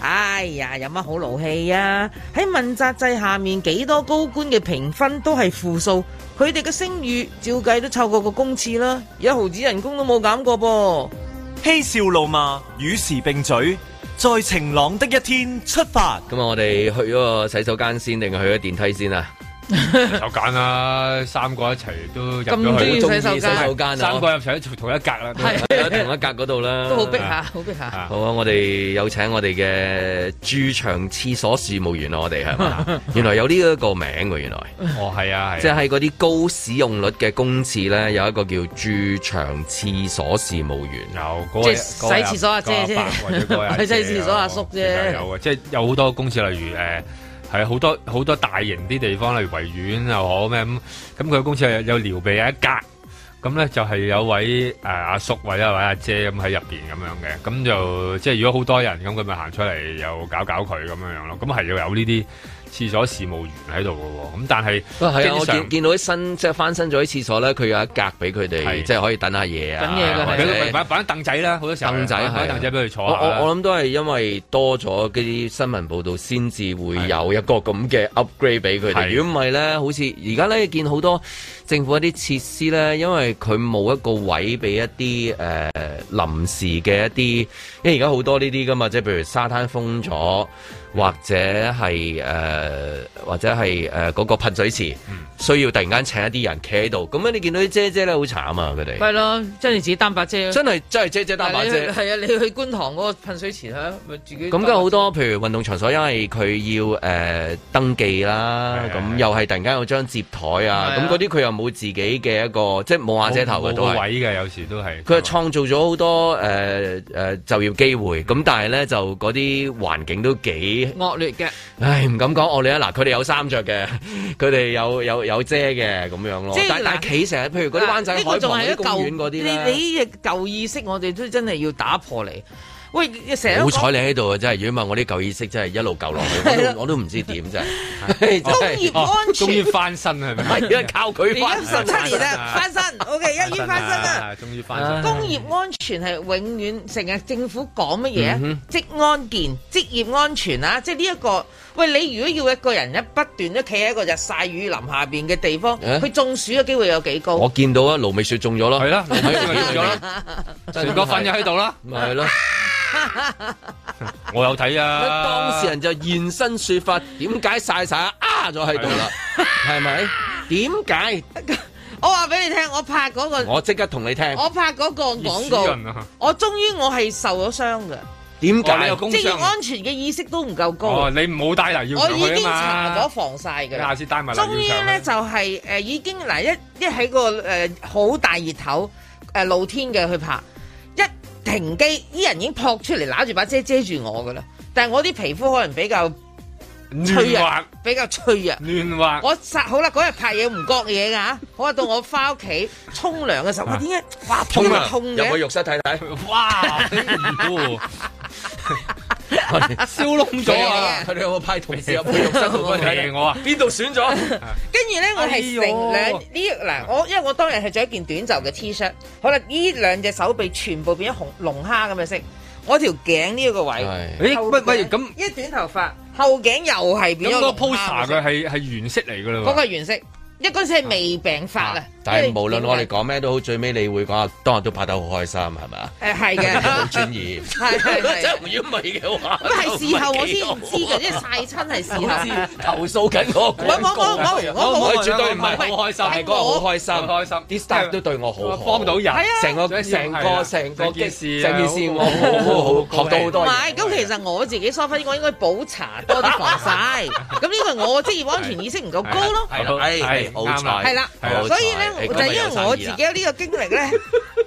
哎呀，有乜好勞氣啊？喺問責制下面，幾多高官嘅評分都係負數，佢哋嘅聲譽照計都湊過個公廁啦，一毫子人工都冇減過噃，嬉笑怒罵與時並舉。在晴朗的一天出發。咁啊，我哋去咗個洗手間先，定係去咗電梯先啊？有間啦，三個一齊都入咗去洗手間。啊，三個入齊同一格啦，同一格嗰度啦，都好逼下，好逼下。好啊，好，我哋有請我哋嘅駐場廁所事務員啊。我哋係嘛？ 原來有呢一個名喎。啊，原來。 哦，係啊，係，啊。即係嗰啲高使用率嘅公廁咧，有一個叫駐場廁所事務員。有，即係洗廁所阿叔啫。洗廁所阿叔啫。有啊，即係有好多公廁，例如誒。呃係好多好多大型啲地方，例如維園又好咩咁，咁佢公司係有撩鼻有寮備一格，咁咧就係有位誒阿、呃、叔叔或者有一位阿姐咁喺入邊咁樣嘅，咁就即係如果好多人咁，佢咪行出嚟又搞搞佢咁樣樣咯，咁係要有呢啲。廁所事務員喺度嘅喎，咁但係，啊我見，見到啲新即係翻新咗啲廁所咧，佢有一格俾佢哋，即係可以等下嘢啊，等嘢嘅係咪？擺擺凳仔啦，好多時候凳仔擺凳仔俾佢坐。我我諗都係因為多咗啲新聞報導，先至會有一個咁嘅 upgrade 俾佢哋。如果唔係咧，好似而家咧見好多。政府一啲設施咧，因為佢冇一個位俾一啲誒、呃、臨時嘅一啲，因為而家好多呢啲噶嘛，即係譬如沙灘封咗，或者係誒、呃、或者係誒嗰個噴水池、嗯、需要突然間請一啲人企喺度，咁樣你見到啲姐姐咧好慘啊！佢哋係咯，真係自己單把遮，真係真係姐姐單把遮。係啊，你去觀塘嗰個噴水池啊，咪自己咁梗係好多，譬如運動場所，因為佢要、呃、登記啦，咁又係突然間有張摺台啊，咁嗰啲佢又。冇自己嘅一個，即係冇瓦遮頭嘅都係。個位嘅有時都係。佢係創造咗好多誒誒、呃呃、就業機會，咁但係咧就嗰啲環境都幾惡劣嘅。唉，唔敢講惡劣啊！嗱，佢哋有衫着嘅，佢哋有有有遮嘅咁樣咯。即但係企成日，譬如嗰啲灣仔海旁啲公園嗰啲咧，你舊意識我哋都真係要打破嚟。喂，成好彩你喺度啊！真係，如果唔係我啲舊意識真係一路舊落去 我，我都唔知點啫。工業安全終於翻身啦，咪係靠佢翻身，十七年啊，翻身，OK，一於翻身啦，終於翻身。工業安全係永遠成日政府講乜嘢？職安健職業安全啦、啊，即係呢一個。喂，你如果要一個人一不斷都企喺一個日曬雨淋下邊嘅地方，佢中暑嘅機會有幾高？我見到啊，盧美雪中咗咯，係啦，盧美雪中咗啦，成哥瞓咗喺度啦，咪係咯，我有睇啊。當事人就現身說法，點解曬曬啊咗喺度啦？係咪？點解？我話俾你聽，我拍嗰個，我即刻同你聽，我拍嗰個廣告，我終於我係受咗傷㗎。點解、哦這個？即係安全嘅意識都唔夠高。哦、你唔好帶嚟要我已經搽咗防曬㗎啦。下次帶埋嚟現場。終於咧就係、是、誒、呃、已經嗱、呃，一在一喺個誒好、呃、大熱頭誒、呃、露天嘅去拍，一停機，啲人已經撲出嚟攬住把遮遮住我㗎啦。但係我啲皮膚可能比較，脆弱，比較脆弱。軟滑，我殺好啦！嗰日拍嘢唔覺嘢噶好，我到我翻屋企沖涼嘅時候，我點解哇痛到、啊、痛嘅、啊？沖涼入去浴室睇睇，哇死唔乎，燒窿咗啊！佢哋， 有冇派同事入去浴室同我睇我啊？邊度損咗？ 選 跟住咧，我係成兩呢嗱，我、哎、因為我當日係着一件短袖嘅 T-shirt，好啦，呢兩隻手臂全部變咗紅龍蝦咁嘅色，我條頸呢個位，喂，唔係唔係咁，呢短頭髮。後頸又係變咗，咁個 poster 佢係係原色嚟㗎喇。嗰、嗰個原色，一嗰先係未病發但係無論我哋講咩都好，最尾你會講，當日都拍得好開心，係咪啊？誒係嘅，好專業，係係。真係唔要咪嘅話，係事後，我先知嘅，即係曬親係事後先。投訴緊個廣告。我我我我，我，絕對唔係好開心，係嗰日好開心，開心。啲 staff 都對我好，幫到人。係啊，成個成個成個件事，成件事我好好學到好多。唔係，咁其實我自己疏忽，我應該補搽多啲防曬。咁呢個我職業安全意識唔夠高咯。係係，好彩。係啦，所以咧。就、哎、係、那個、因為我自己有呢個經歷咧。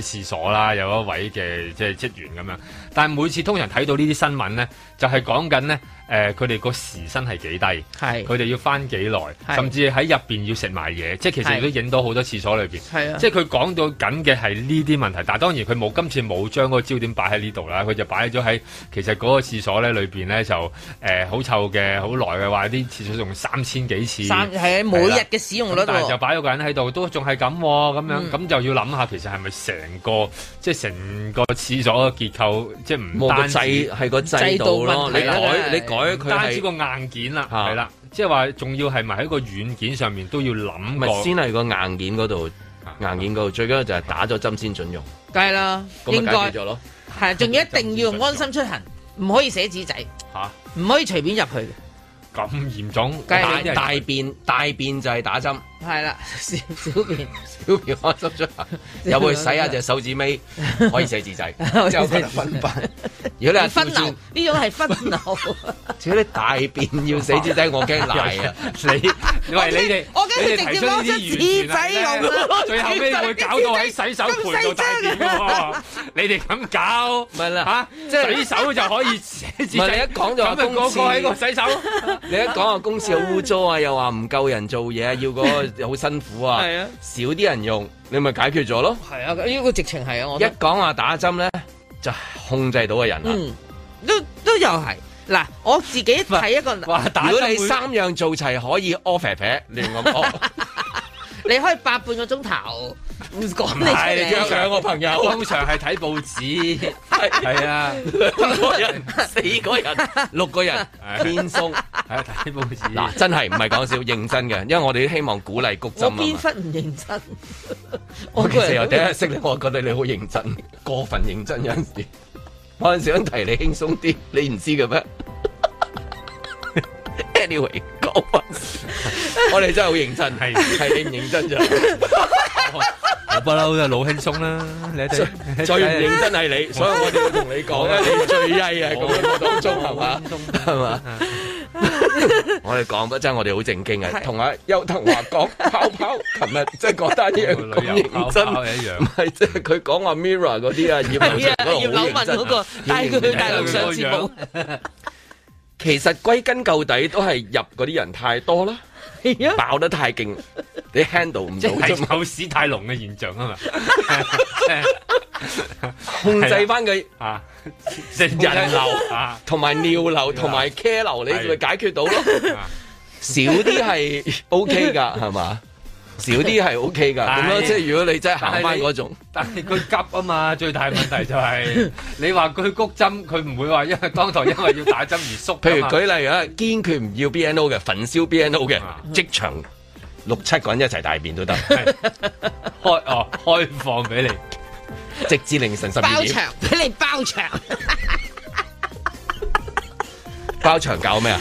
喺事所啦，有一位嘅即係職員咁樣，但係每次通常睇到呢啲新聞咧，就係講緊咧。誒佢哋個時薪係幾低，係佢哋要翻幾耐，甚至喺入邊要食埋嘢，即係其實亦都影到好多廁所裏邊，係啊！即係佢講到緊嘅係呢啲問題，啊、但係當然佢冇今次冇將嗰個焦點擺喺呢度啦，佢就擺咗喺其實嗰個廁所咧裏邊咧就誒好、呃、臭嘅好耐嘅話，啲廁所用三千幾次，三係每日嘅使用率，但就擺咗個人喺度都仲係咁咁樣，咁、嗯、就要諗下其實係咪成個即係成個廁所嘅結構即係唔單止係個制度咯，你改、啊、你改。嗯、是單止個硬件啦，係、啊、啦，即係話仲要係咪喺個軟件上面都要諗咪先係個硬件嗰度，硬件嗰度、啊、最緊要就係打咗針先准用。梗係啦，應該係仲要一定要用安心出行，唔可以寫紙仔，唔、啊、唔可以隨便入去。咁嚴重，大大便大便就係打針。係啦，小小便小便開心出，又會洗下隻手指尾，可以洗紙仔，就分班。如果你分流，呢種係分流。如果你大便要洗紙仔，我驚瀨啊！你，喂你哋，你哋直接攞張紙仔用啦，最後尾會搞到喺洗手盆度大便喎！你哋咁搞，咪啦，吓，即係洗手就可以洗紙仔。唔係你一講就個個喺個洗手。你一講個公廁好污糟啊，又話唔夠人做嘢，要個。好辛苦啊！係啊，少啲人用，你咪解決咗咯。係啊，呢個直情係啊，我一講話打針咧，就控制到個人啦。嗯，都都又係嗱，我自己係一個哇打。如果你三樣做齊，可以屙肥肥，亂咁屙， 你可以八半個鐘頭。唔講係約兩個朋友，通常係睇報紙，係 啊，兩個人、四個人、六個人，輕 鬆係睇 報紙。嗱， 真係唔係講笑，認真嘅，因為我哋都希望鼓勵局針啊嘛。就偏唔認真。 吧我其實有第一識咧，我覺得你好認真，過分認真有陣時。我有陣時想提你輕鬆啲，你唔知嘅咩？Anyway，講，我哋真係好認真，係係認唔認真啫，不嬲都係老輕鬆啦。你最最唔認真係你，所以我哋都同你講咧，你最曳啊！咁樣當中係嘛？係嘛？我哋講得真，我哋好正經嘅，同阿邱德華講泡泡，琴日即係覺得啲嘢咁認真，唔係即係佢講阿 Mirror 嗰啲啊，葉葉柳文嗰個帶佢去大陸上節目。其實歸根究底都係入嗰啲人太多啦，啊，爆得太勁，你 handle 唔到，即，就是，某屎太濃嘅現象啊嘛， 控制翻佢啊，啊食人流啊，同埋尿流同埋茄流，你咪解決到咯，少啲係 OK 噶，係 嘛？少啲係 O K 噶，咁咯，即係如果你真係行翻嗰種，但係佢急啊嘛， 最大問題就係、是、你話佢谷針，佢唔會話因為當堂，因為要打針而縮。譬如舉例啊，堅決唔要 B N O 嘅，焚燒 B N O 嘅、嗯啊，即場六七個人一齊大便都得， 開哦開放俾你， 直至凌晨十二點。包場俾你包場， 包場搞咩啊？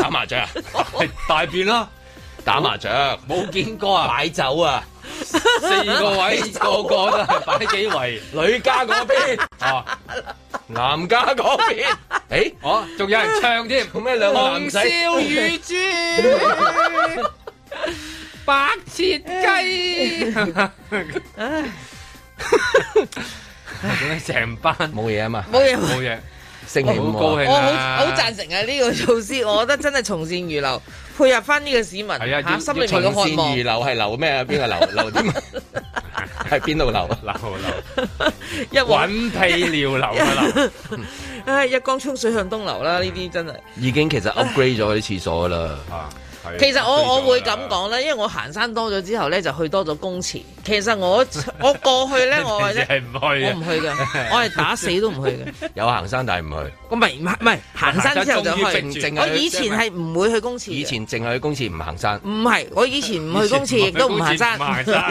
打麻雀啊？係大便啦。打麻雀冇見過啊，擺 酒啊，四個位個個都係，擺 幾圍 女家嗰那邊、 啊，男家嗰邊，誒、欸，我、啊、仲有人唱添，做咩兩個男仔？紅燒乳豬，白切雞雞笑 ，唉 沒事，成班冇嘢啊嘛？冇嘢冇嘢，勝好高興，我好贊 成啊呢、這個措施，我覺得真係從善如流。配合翻呢個市民，吓、啊、心裏面嘅渴望。二流係流咩？邊個流？流啲係邊度流？流流一滾屁尿流噶啦！唉，一江沖水向東流啦！呢、嗯、啲真係已經其實 upgrade 咗啲廁所啦。其實我我會咁講啦，因為我行山多咗之後咧，就去多咗公廁。其實我我過去咧，我係唔去我唔去嘅，我係 打死都唔去嘅。有行山但係唔去。我係唔係行山之後就去。我以前係唔會去公廁。以前淨係去公廁唔行山。唔係，我以前唔去公廁亦都唔行山。我行山。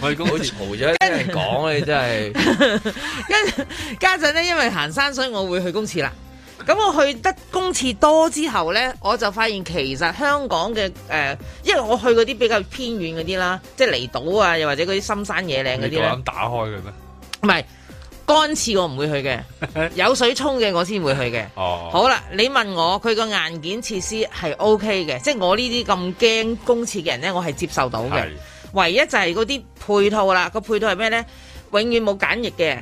去公廁嘈咗。跟住講你真係。跟家陣咧，因為行山，所以我會去公廁啦。咁我去得公廁多之後呢，我就發現其實香港嘅、呃、因為我去嗰啲比較偏遠嗰啲啦，即係離島啊，又或者嗰啲深山野嶺嗰啲咧。你敢打開嘅咩？唔係乾廁，我唔會去嘅。有水沖嘅，我先會去嘅。 好啦，你問我佢個硬件設施係 OK 嘅，即係我呢啲咁驚公廁嘅人呢，我係接受到嘅。唯一就係嗰啲配套啦，個配套係咩呢？永遠冇梘液嘅，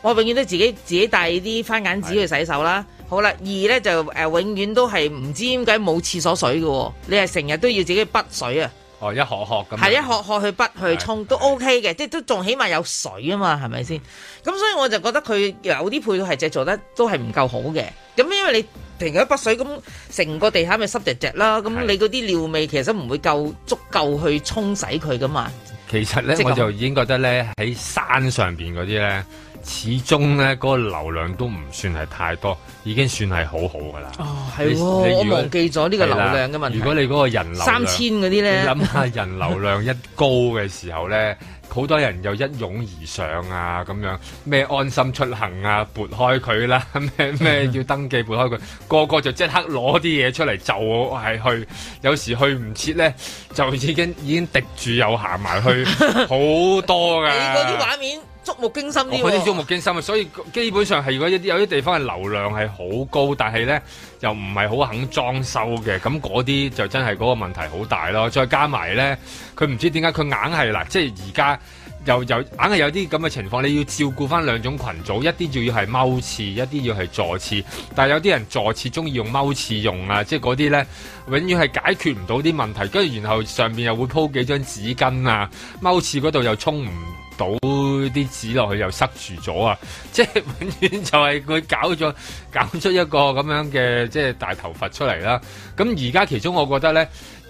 我永遠都自己自己帶啲番梘紙去洗手啦。好啦，二咧，就誒、呃，永遠都係唔知點解冇廁所水嘅、哦，你係成日都要自己滗水啊！哦，一殼殼咁，係一殼殼去滗去沖都 OK 嘅，即係都仲起碼有水啊嘛，係咪先？咁所以我就覺得佢有啲配套係製作得都係唔夠好嘅。咁因為你成日滗水，咁成個地下咪濕濕濕啦。咁你嗰啲尿味其實都唔會夠足夠去沖洗佢噶嘛。其實咧，我就已經覺得咧喺山上邊嗰啲咧。始終咧，嗰、那個流量都唔算係太多，已經算係好好噶啦。哦，係、哦、我忘記咗呢個流量㗎嘛？如果你嗰個人流三千嗰啲咧，你諗下人流量一高嘅時候咧，好 多人又一擁而上啊，咁樣咩安心出行啊，撥開佢啦，咩咩要登記撥開佢，個 個就即刻攞啲嘢出嚟就係去，有時去唔切咧，就已經已經滴住又行埋去，好 多噶。你嗰啲畫面。觸目驚心啲喎，觸目驚心啊！所以基本上係如果一啲有啲地方嘅流量係好高，但係呢又唔係好肯裝修嘅，咁嗰啲就真係嗰個問題好大咯。再加埋呢，佢唔知點解佢硬係啦，即係而家又有硬係有啲咁嘅情況，你要照顧返兩種群組，一啲仲要係踎廁，一啲要係坐廁。但係有啲人坐廁鍾意用踎廁用啊，即係嗰啲呢永遠係解決唔到啲問題。跟住然後上面又會鋪幾張紙巾啊，踎廁嗰度又沖唔～倒啲紙落去又塞住咗啊！即係永遠就係佢搞咗搞出一個咁樣嘅即係大頭佛出嚟啦。咁而家其中我覺得呢。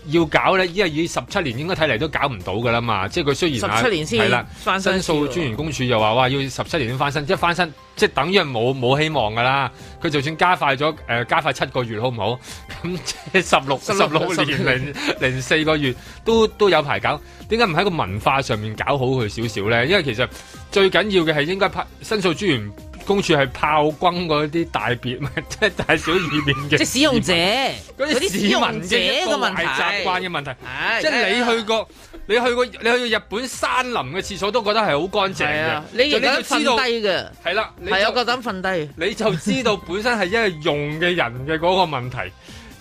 要搞咧，因為已十七年，應該睇嚟都搞唔到噶啦嘛。即係佢雖然、啊，17年先翻啦，申訴專員公署又話：哇，要十七年先翻新，即係翻新，即係等於冇冇希望噶啦。佢就算加快咗、呃，加快七個月好唔好？咁即係十六十六年零零四個月都都有排搞。點解唔喺個文化上面搞好佢少少咧？因為其實最緊要嘅係應該拍申訴專員。公署係炮轟嗰啲大便，即係大小二便嘅。即使用者嗰啲市民嘅一個習慣嘅問題。即係你去過，你去過，你去過日本山林嘅廁所，都覺得係好乾淨嘅。你就知道瞓低嘅，係啦，係啊，夠膽瞓低。你就知道本身係因為用嘅人嘅嗰個問題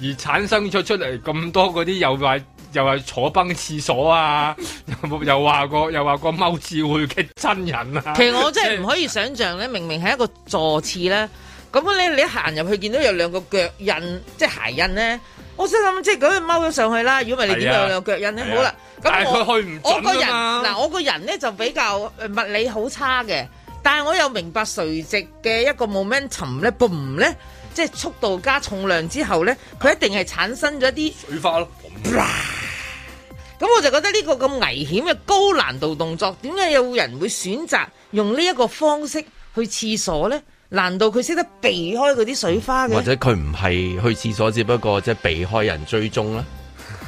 而產生咗出嚟咁多嗰啲有害。又話坐崩廁所啊， 又說過又話個又話個踎廁會嘅真人啊！其實我真係唔可以想象咧， 明明係一個坐廁咧，咁你你一行入去見到有兩個腳印，即係鞋印咧，我想諗即係嗰個踎咗上去啦。如果唔係你點有兩腳印咧、啊？好啦，咁、啊、但係佢去唔準噶嘛？嗱，我個人咧就比較物理好差嘅，但係我又明白垂直嘅一個 momentum 咧 boom 咧，即係速度加重量之後咧，佢一定係產生咗啲水花咯。咁我就覺得呢個咁危險嘅高難度動作，點解有人會選擇用呢一個方式去廁所呢？難道佢識得避開嗰啲水花嘅？或者佢唔係去廁所，只不過即係避開人追蹤啦。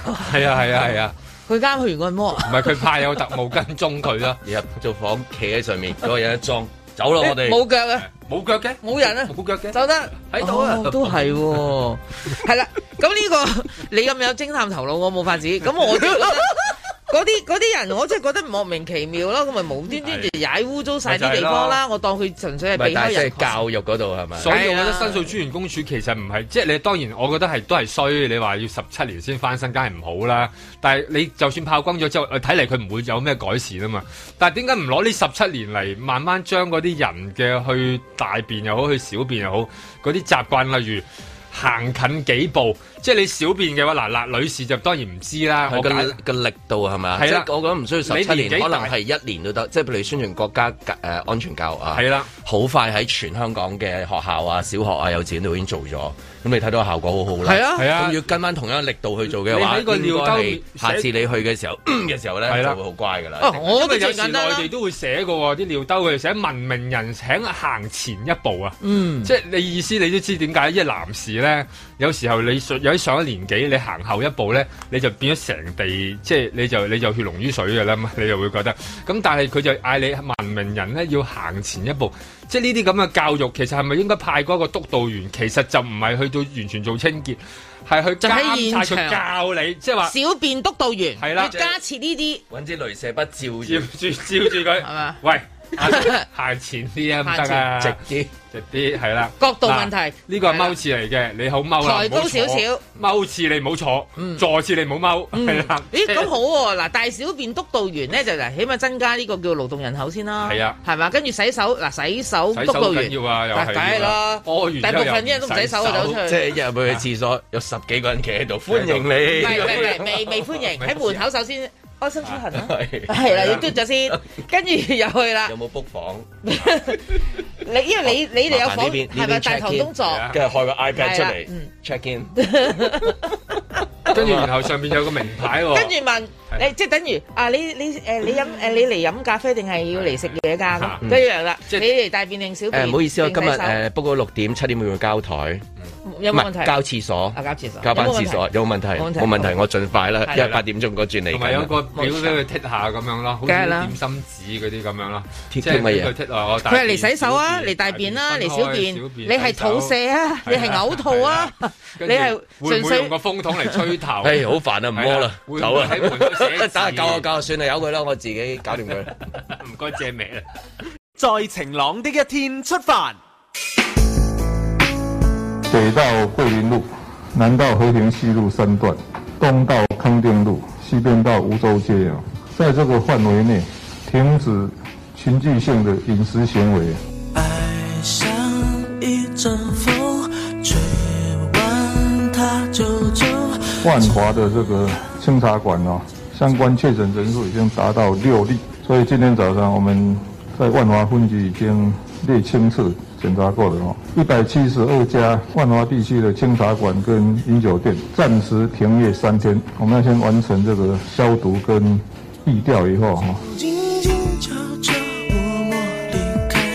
係啊係啊係啊！佢啱去完按摩，唔係佢派有特務跟蹤佢咯，而 入做房企喺上面，所有一裝。走咯，欸，我哋冇腳啊，冇腳嘅，冇人啊，冇腳嘅，走得喺度，哦，啊，都係喎，係啦，這個，咁呢個你咁有偵探頭腦，我冇法子，咁我 嗰啲嗰啲人，我真係覺得莫名其妙咯，咁咪無端端就踩污糟晒啲地方啦、就是！我當佢純粹係畀人教育嗰度。咪教育嗰度係咪？所以，我覺得申訴專員公署其實唔係，即係你當然，我覺得係都係衰。你話要十七年先翻身，梗係唔好啦。但係你就算炮轟咗之後，睇嚟佢唔會有咩改善啊嘛。但係點解唔攞呢十七年嚟慢慢將嗰啲人嘅去大便又好，去小便又好嗰啲習慣例如行近幾步？即係你小便嘅話，嗱嗱女士就當然唔知啦。個個力度係咪？即係我覺得唔、啊、需要十七年，年，可能係一年都得。即係譬如宣傳國家、呃、安全教育啊，係啦、啊，好快喺全香港嘅學校啊、小學啊、幼稚園都已經做咗。咁、嗯、你睇到個效果好好啦。係啊，係、嗯、啊。咁要跟翻同樣力度去做嘅話，你個尿兜下次你去嘅時候，嘅、嗯嗯、時候咧、啊、就會好乖噶啦。我、啊、哋、啊、因為有時內地都會寫嘅喎，啲尿兜佢哋寫文明人請行前一步啊。嗯、即係你意思，你都知點解？因為男士咧。有時候你上有啲上一年紀，你行後一步咧，你就變咗成地，即係你就你就血濃於水嘅啦。你就會覺得，咁但係佢就嗌你文明人咧，要行前一步。即係呢啲咁嘅教育，其實係咪應該派嗰個督導員？其實就唔係去到完全做清潔，係去監察、現場教你，即係話小便督導員係啦，要加設呢啲，搵支鐳射筆照住照住佢，係嘛？ 喂。行前啲啊，唔得啊，直啲，直啲，係啦。角度問題，呢個係踎廁嚟嘅，你好踎啦。再高少少，踎廁你唔好坐，坐廁你唔好踎，係啦。咦，咁好喎，嗱，大小便督導員咧就嚟，起碼增加呢個叫勞動人口先啦。係啊，係嘛？跟住洗手，嗱，洗手督導員。洗手緊要啊，又係。梗係啦，大部分啲人都唔洗手走出去。即係入去廁所有十幾個人企喺度，歡迎你。未未歡迎，喺門口首先。開心出行啊！係啦，要嘟咗先，跟住入去啦。有冇 book 房？你因為你你哋有房係咪？大堂工作跟住開個 iPad 出嚟，check in。跟住然後上面有個名牌喎。跟住問，誒，即係等於啊，你你誒，你飲誒，你嚟飲咖啡定係要嚟食嘢噶？都一樣啦，你嚟大便定小便？誒，唔好意思，我今日誒 book 咗六點七點會用交台。有，有問題交，廁所、啊、交廁所，交班廁所有冇問題？冇問題，冇問題，我盡快啦。因為八點鐘轉轉嚟。同埋有一個表俾佢剔下咁樣咯，好似點心紙嗰啲咁樣咯。即係乜嘢？佢剔佢係嚟洗手啊，嚟大便啦，嚟小，小便。你係肚瀉啊，啊，你係嘔吐啊，是啊是啊你係、啊、會唔會用個風筒嚟吹頭？好煩啊，唔屙啦，走啊！等下救下救下算啦，由佢啦，我自己搞掂佢。唔該，借名啦。在晴朗的一天出發。北到桂林路，南到和平西路三段，東到康定路，西邊到梧州街啊，在這個範圍內，停止群聚性的飲食行為。愛像一陣風吹完他就走，萬華的這個清茶館哦，相關確診人數已經達到六例，所以今天早上我們在萬華分局已經列清冊。檢查過了哦，一百七十二家萬華地區的清茶館跟飲酒店暫時停業三天。我們要先完成這個消毒跟疫調以後哈，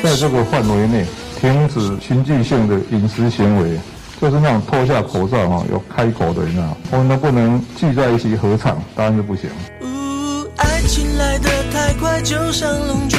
在這個範圍內停止群聚性的飲食行為，就是那種脫下口罩哈，有開口的人啊，我們都不能聚在一起合唱，當然就不行。嗚，愛情來的太快就像龍捲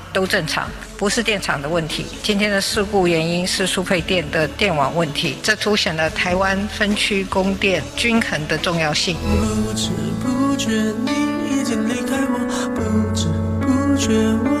都正常，不是電廠的問題。今天的事故原因是輸配電的電網問題，這凸顯了台灣分區供電均衡的重要性。不知不覺你已經離開我，不知不覺我。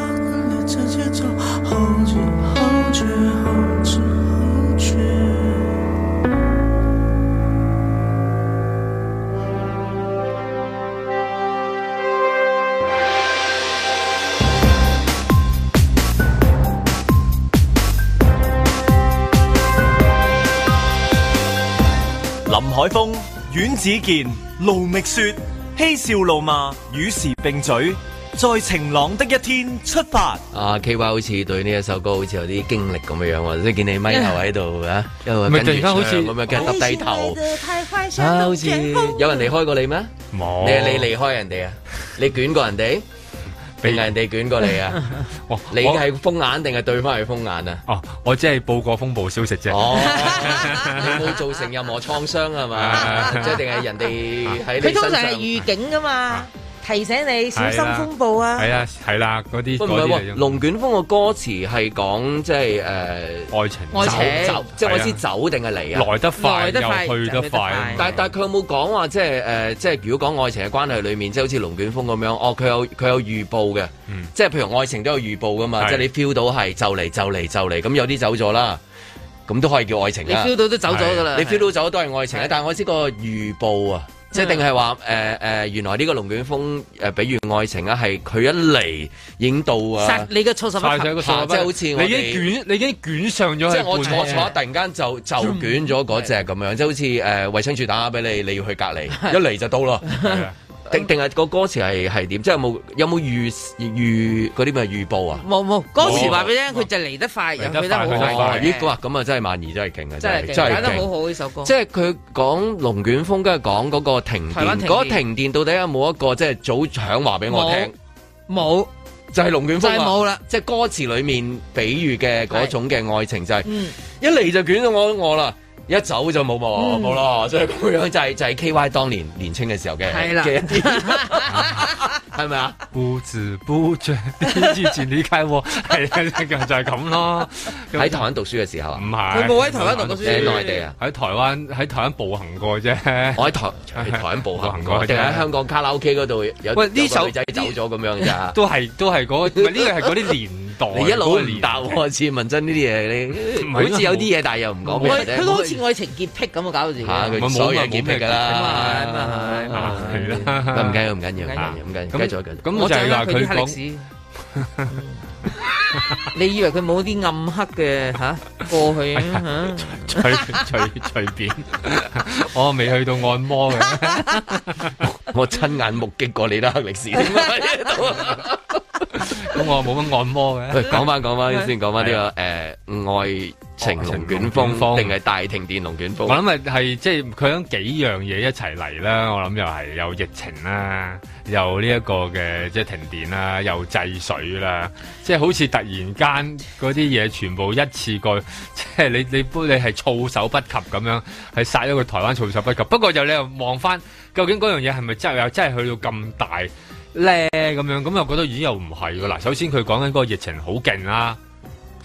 海峰、阮子健、盧覓雪，嬉笑怒罵，與時並嘴，在晴朗的一天出發。阿 K Y 好似對呢一首歌好似有啲經歷咁嘅樣喎，即、就、係、是、見你咪頭喺度啊，因 為跟住唱咁樣，跟住耷低頭。太快啊，好似有人離開過你咩？冇、啊，你係你離開人哋啊？ 你卷過人哋？俾人哋捲過嚟啊！ 你係封眼定係對翻佢封眼啊？哦，我只係報過風暴消息啫。哦， 你冇造成任何創傷啊 是吧 嘛？即係定係人哋喺你身上？佢通常係預警噶嘛。提醒你小心風暴啊！係啊，係啦，嗰啲。唔係喎，哦、龍捲風個歌詞係講即係誒愛情，愛情即係我知走定係嚟啊，來得快，來得快，去得快，去得快。但係但係佢有冇講話即係誒、呃、即係如果講愛情嘅關係裏面，即係好似龍捲風咁樣哦？佢有佢有預報嘅、嗯，即係譬如愛情都有預報噶嘛？即係、就是、你 feel 到係就嚟就嚟就嚟咁，有啲走咗啦，咁都可以叫愛情。你 feel 到都走咗噶啦，你 feel 到都走都係愛情。但係我知個預報啊。即係定係話誒誒，原來呢個龍捲風誒、呃，比如愛情啊，係佢一嚟影到啊！殺你嘅措手不及，殺佢嘅措手不及！即係好似你我捲，你已經捲上咗。即係我坐坐，突然間就就捲咗嗰隻咁樣，即係好似誒衛生處打俾你，你要去隔離，一嚟就到咯。 定定係個歌詞係係點？即係有冇有冇預預嗰啲咩預報啊？冇冇歌詞話俾你聽，佢就嚟得快，嚟得快。哇！咁啊，真係萬兒真係勁啊！真係真係寫得好好呢首歌。即係佢講龍捲風，跟住講嗰個停電。嗰個停電到底有冇一個即係早搶話俾我聽？冇，就係龍捲風就冇啦。即係歌詞裡面比喻嘅嗰種嘅愛情，就係一嚟就捲到我我啦。一走就冇冇冇咯，所以就係、是、就係、是、K Y 當年年青嘅時候嘅嘅一啲係咪 是啊， 啊？不知不覺，之前呢間，係啊，就就係咁咯。喺台灣讀書嘅時候，唔係，冇喺台灣讀書，內地啊，喺台灣喺台灣步行過啫，我喺台喺台灣步行過，定 喺香港卡拉 OK 嗰度有。喂，呢首女仔走咗咁樣咋？都係都係嗰、那個，呢個係嗰啲年。你一路都答喎，似文珍呢啲嘢，你好似有啲嘢，但係又唔講。佢佢好似愛情潔癖咁啊，搞到自己。嚇，冇愛情潔癖噶啦。係咪係？係啦。唔緊要，唔緊要，唔緊要，唔緊要。咁我就係話佢講。你以為佢冇啲暗黑嘅嚇過去啊？隨隨隨便，我未去到按摩嘅，我親眼目擊過你啦，黑歷史。 我冇乜按摩嘅。講翻講翻先，講翻呢個誒、 呃、愛情龍捲風，定、呃、係大停電龍捲風？我諗係係即係佢響幾樣嘢一齊嚟啦。我諗又係有疫情啦，又呢一個嘅即係停電啦，又制水啦，即、就、係、是、好似突然間嗰啲嘢全部一次過，即、就、係、是、你你你係措手不及咁樣，係殺咗個台灣措手不及。不過就你又望翻，究竟嗰樣嘢係咪真係有真係去到咁大？叻咁樣，咁又覺得已經又唔係噶啦。首先佢講緊個疫情好勁啦，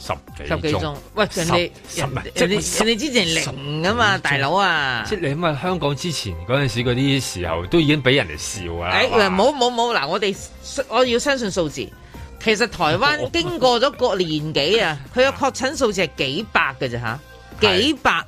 十幾十幾宗，喂，人哋人，人即人哋之前零噶嘛，大佬啊，即係你咁啊！香港之前嗰陣時嗰啲時候，時候都已經俾人哋笑、哎、啦。誒唔冇冇冇唔好，嗱我哋我要相信數字，其實台灣經過咗個年幾啊，佢 嘅確診數字係幾百嘅啫嚇，幾百。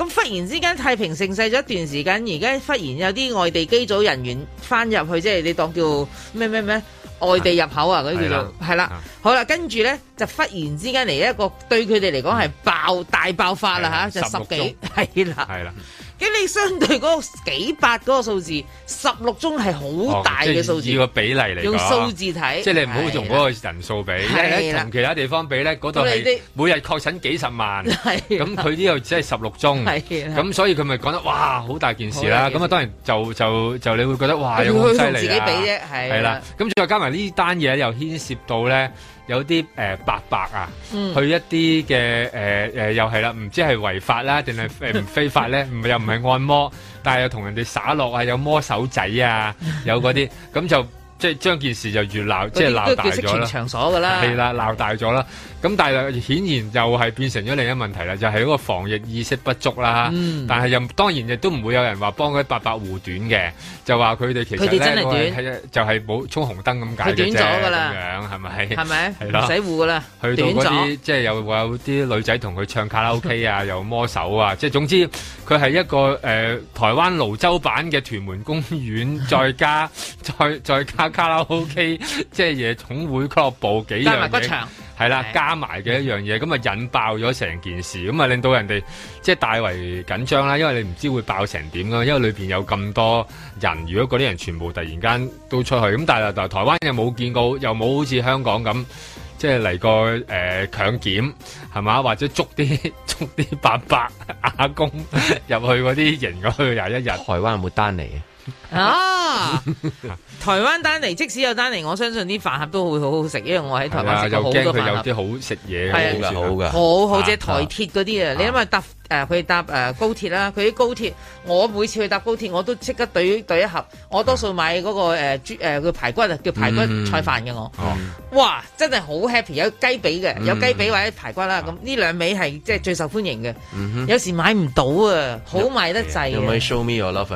咁忽然之間太平盛世咗一段時間，而家忽然有啲外地機組人員翻入去，即係你當叫咩咩咩外地入口啊嗰啲叫做，係啦，好啦，跟住呢，就忽然之間嚟一個對佢哋嚟講係爆大爆發啦吓，就十幾，係啦。咁你相對嗰個幾百嗰個數字，十六宗係好大嘅數字，以個比例嚟，用數字睇，即係你唔好用嗰個人數比，咧同其他地方比咧，嗰度係每日確診幾十萬，咁佢呢度只係十六宗，咁所以佢咪講得哇好大件事啦，咁啊當然就就就你會覺得哇有好犀利，自己比啫，係啦，咁再加埋呢單嘢又牽涉到咧。有啲、呃、白白啊，嗯、去一啲嘅、呃、又係啦，唔知係違法啦定係唔非法咧？唔 又唔係按摩，但又同人哋耍樂啊，有摸手仔啊，有嗰啲咁就。即係將件事就越鬧，即係鬧大咗啦。係啦，鬧大咗啦。咁但係顯然又係變成咗另一問題啦，就係、係、嗰個防疫意識不足啦。嗯、但係又當然亦都唔會有人話幫佢八百護短嘅，就話佢哋其實咧係就係冇衝紅燈咁解決咗㗎啦，係咪？係咪？係咯，唔使護㗎啦。去到嗰啲即係有有啲女仔同佢唱卡拉 OK 啊，又摸手啊， 即係總之。佢係一個誒、呃、台灣蘆洲版嘅屯門公園，再加再再加。再再加卡拉 OK，即係夜總會俱樂部幾樣嘢，係啦，加埋嘅一樣嘢，咁啊引爆咗成件事，咁啊令到人哋即係大為緊張啦，因為你唔知會爆成點啦，因為裏邊有咁多人，如果嗰啲人全部突然間都出去，咁但係台台灣又冇見到，又冇好似香港咁，即係嚟個誒強檢係嘛，或者捉啲捉啲伯伯阿公入去嗰啲營嗰度廿一日。台灣有冇單嚟。 啊！台灣丹尼即使有丹尼，我相信啲飯盒都會好好食，因為我喺台灣食咗好多飯，有佢有啲好食嘢，係好好嘅，好好似台鐵嗰啲啊，你因下誒、呃、佢搭誒、呃、高鐵啦、啊，佢啲高鐵，我每次去搭高鐵我都即刻對對一盒，我多數買嗰、那個誒豬誒個排骨啊，叫排骨菜飯嘅我，mm -hmm. 哇，真係好 happy，有雞髀嘅，mm -hmm. 有雞髀或者排骨啦、啊，咁呢兩味係即係最受歡迎嘅，mm -hmm. 有時買唔到啊，好賣得滯、yeah, 嗯、啊！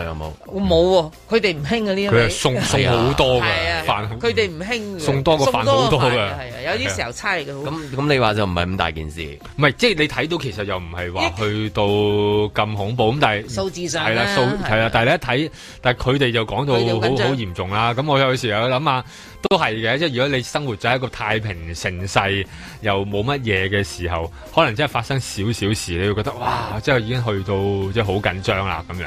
有冇？冇喎、啊，佢哋唔興啊呢樣。佢係送好多㗎飯，佢哋唔興。送多個飯好多，帆帆多的啊，啊，有啲時候差嚟嘅好。咁咁、啊、你話就唔係咁大件事，唔係即係你睇到其實又唔係話佢。 去到咁恐怖咁，但係數字上係啦，數係啦，但係你一睇，但係佢哋就講到好好嚴重啦。咁我有時又諗下，都係嘅。即係如果你生活在一個太平盛世，又冇乜嘢嘅時候，可能真係發生少少事，你會覺得哇，即係已經去到即係好緊張啦咁樣。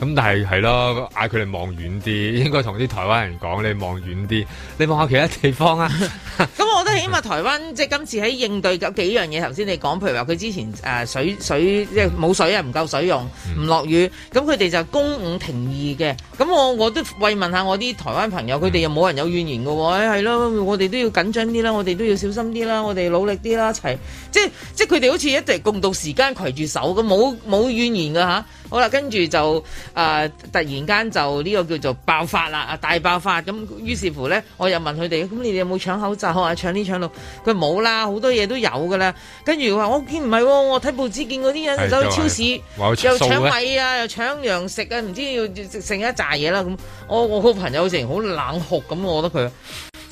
咁但係係咯，嗌佢哋望遠啲，應該同啲台灣人講，你望遠啲，你望下其他地方啊。 起碼台灣即係今次喺應對咗幾樣嘢，頭先你講，譬如話佢之前誒水水即係冇水啊，唔夠水，水，水用，唔落雨，咁佢哋就供五停二嘅。咁我我都慰問一下我啲台灣朋友，佢哋又冇人有怨言嘅喎。係、哎、咯，我哋都要緊張啲啦，我哋都要小心啲啦，我哋努力啲啦，一齊。即係即係佢哋好似一直共度時間，攜住手咁，冇冇怨言㗎。吓。好啦，跟住就誒、呃，突然間就呢、呢個叫做爆發啦，啊大爆發！咁於是乎咧，我又問佢哋，咁你哋有冇搶口罩啊？搶呢搶到，佢冇啦，好多嘢都有㗎啦。跟住話，我見唔係喎，我睇報紙見嗰啲人走去超市又搶米啊，又搶糧食啊，唔知要食成一紮嘢啦咁、嗯。我我個朋友成日好冷酷咁，我覺得佢。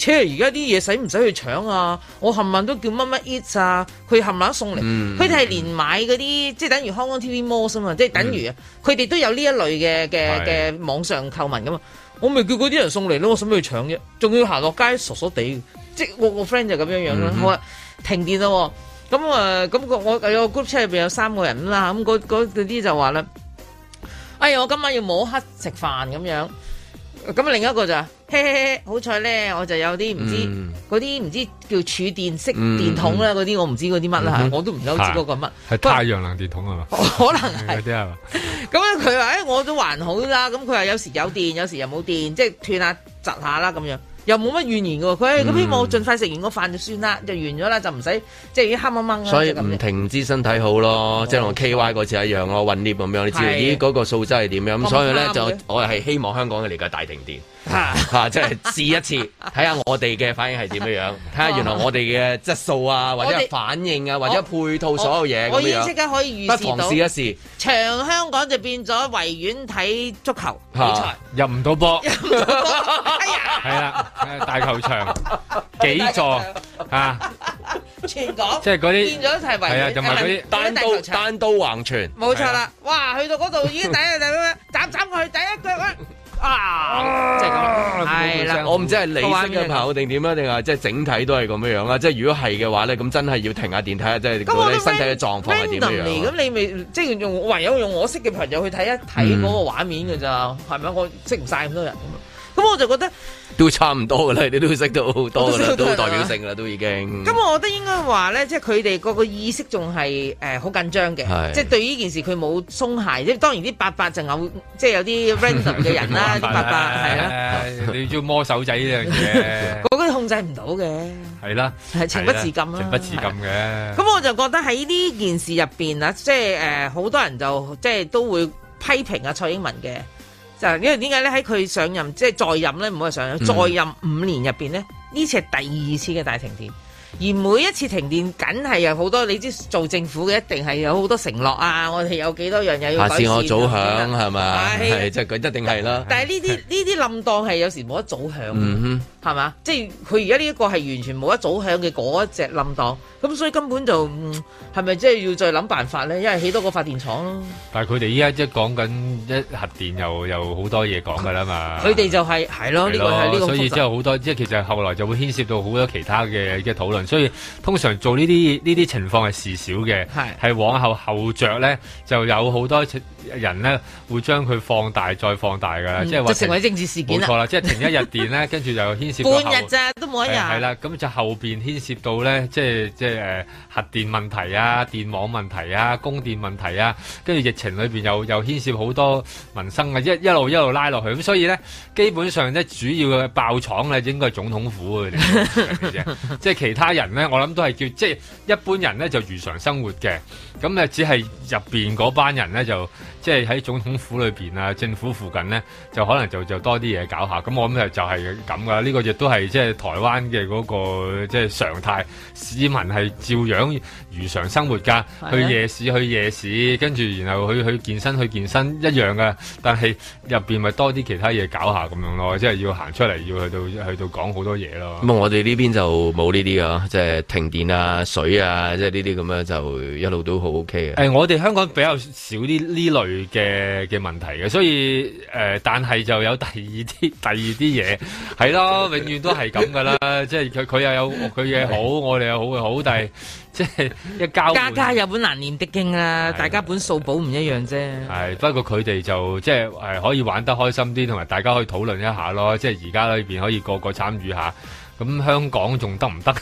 即而家啲嘢使唔使去搶啊？我冚唪唥都叫乜乜 it 啊，佢冚唪唥送嚟。佢哋係連買嗰啲，嗯，即係等於香港 TV Mall 啊，嗯，嘛，即係等於啊。佢哋都有呢一類嘅嘅嘅網上購物噶嘛。我咪叫嗰啲人送嚟咯，我使乜去搶啫？仲要行落街傻傻地。即係我我 friend 就咁樣樣啦。我話停電啦，咁啊咁我，我有個，嗯嗯嗯嗯嗯，group chat 入邊有三個人啦，咁嗰啲就話啦，哎呀我今晚要摸黑食飯咁樣。咁另一個就係，嘿嘿，嘿，好彩咧，我就有啲唔知嗰啲唔知叫儲電式電筒啦，嗰、嗯、啲、嗯、我唔知嗰啲乜啦，我都唔夠知嗰個乜，係太陽能電筒係嘛？可能係啲係咁佢話，哎，我都還好啦，咁佢話有時有電， 有時又冇電，即係斷下窒下啦咁樣。又冇乜怨言嘅喎，佢、欸、咁希望我盡快食完個飯就算啦，就完咗啦，就唔使即係已經黑掹掹。所以唔停知身體好咯，即係同 K Y 嗰次一樣咯，混貼咁樣，你知道咦，嗰個素質係點樣？咁所以咧、嗯、就我係希望香港嘅嚟個大停電。吓、啊、吓，即係試一次，睇下我哋嘅反應係點樣樣，睇下原來我哋嘅質素啊，或者反應啊，或者配套所有嘢，我已即刻可以預視到。不妨試一試，長香港就變咗維園睇足球、啊、入唔到波，係啦、 哎，大球場 幾座全港，即係嗰啲變咗係維園，就係嗰啲單刀單刀橫傳，冇錯啦！哇，去到嗰度已經第一，第一，斬斬佢第一腳啊。啊，係、啊、啦，我唔知係你識嘅朋友定點樣啊，定係即係整體都係咁樣樣啊！即係如果係嘅話咧，咁真係要停下電睇下，即係你嗰身體嘅狀況係點樣？咁我你未即係用唯有用我識嘅朋友去睇一睇嗰個畫面㗎咋，係咪、嗯、我識唔晒咁多人。咁我就覺得都差唔多噶啦，你都識到好多啦，都，都，都好代表性啦，都已經。咁、嗯、我覺得應該話咧，即係佢哋個個意識仲係誒好緊張嘅，呃、即係對於呢件事佢冇鬆懈。即係當然啲八八就有，即係有啲 random 嘅人啦，啲 八八係啦，你要摸手仔呢樣嘢，嗰 個控制唔到嘅，係啦、啊，情不自禁啦、啊啊，情不自禁嘅。咁、啊、我就覺得喺呢件事入邊啊，即係誒好多人就即係都會批評啊蔡英文嘅。就因為點解咧？喺佢上任，即係在任咧，唔好話上任，在、嗯、任五年入面咧，呢次係第二次嘅大停電。而每一次停電梗係有好多，你知做政府嘅一定係有好多承諾啊！我哋有幾多樣嘢要、啊？下、啊、次我早響，係嘛？係即係佢一定係啦。但係呢啲呢啲冧檔係有時冇得早響，係、嗯、嘛？即係佢而家呢一個係完全冇得早響嘅嗰一隻冧檔，咁所以根本就係咪即係要再諗辦法咧？因為起多個發電廠咯。但係佢哋依家即係講緊一核電又又好多嘢講㗎啦嘛。佢哋就係、是，係咯，呢、呢個係呢個，所以之後好多即係其實後來就會牽涉到好多其他嘅嘅討論。所以通常做呢啲呢啲情況係事少嘅，係往後後着咧，就有好多人咧會將佢放大再放大嘅、嗯，即係話成為政治事件啦。冇錯啦，即係停一日電咧，跟住就牽涉到半日咋，都冇一日。係、哎、啦，咁就後邊牽涉到咧，即係即係誒核電問題啊、電網問題啊、供電問題啊，跟住疫情裏邊又又牽涉好多民生嘅、啊，一一路一路拉落去。咁所以咧，基本上咧主要嘅爆廠咧應該係總統府佢哋， 即係其他。人咧，我諗都係叫即係一般人咧，就如常生活嘅。咁咧，只係入邊嗰班人咧，就即係喺總統府裏邊啊，政府附近咧，就可能就就多啲嘢搞下。咁我諗就就係咁噶啦。呢個亦都係即係台灣嘅嗰個即係常態，市民係照樣如常生活噶。去夜市，去夜市，跟住然後去去健身，去健身一樣噶。但係入邊咪多啲其他嘢搞下咁樣咯。即係要行出嚟，要去到去到講好多嘢咯。咁我哋呢邊就冇呢啲噶。即係停電啊、水啊，即係呢啲咁樣就一路都好 OK 嘅。誒、哎，我哋香港比較少啲呢類嘅嘅問題嘅，所以誒、呃，但係就有第二啲第二啲嘢，係 咯，永遠都係咁噶啦。 即係佢佢又有佢嘢好，我哋又好嘅好，但係即係一交家家有本難唸的經啦、啊，大家本數簿唔一樣啫。係，不過佢哋就即係係、嗯、可以玩得開心啲，同埋大家可以討論一下咯。即係而家裏邊可以個個參與下，咁香港仲得唔得？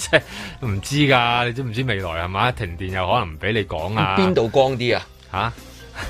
即係唔知噶，你都唔知，知未來係嘛？停電又可能唔俾你講啊！邊度光啲啊？吓、啊！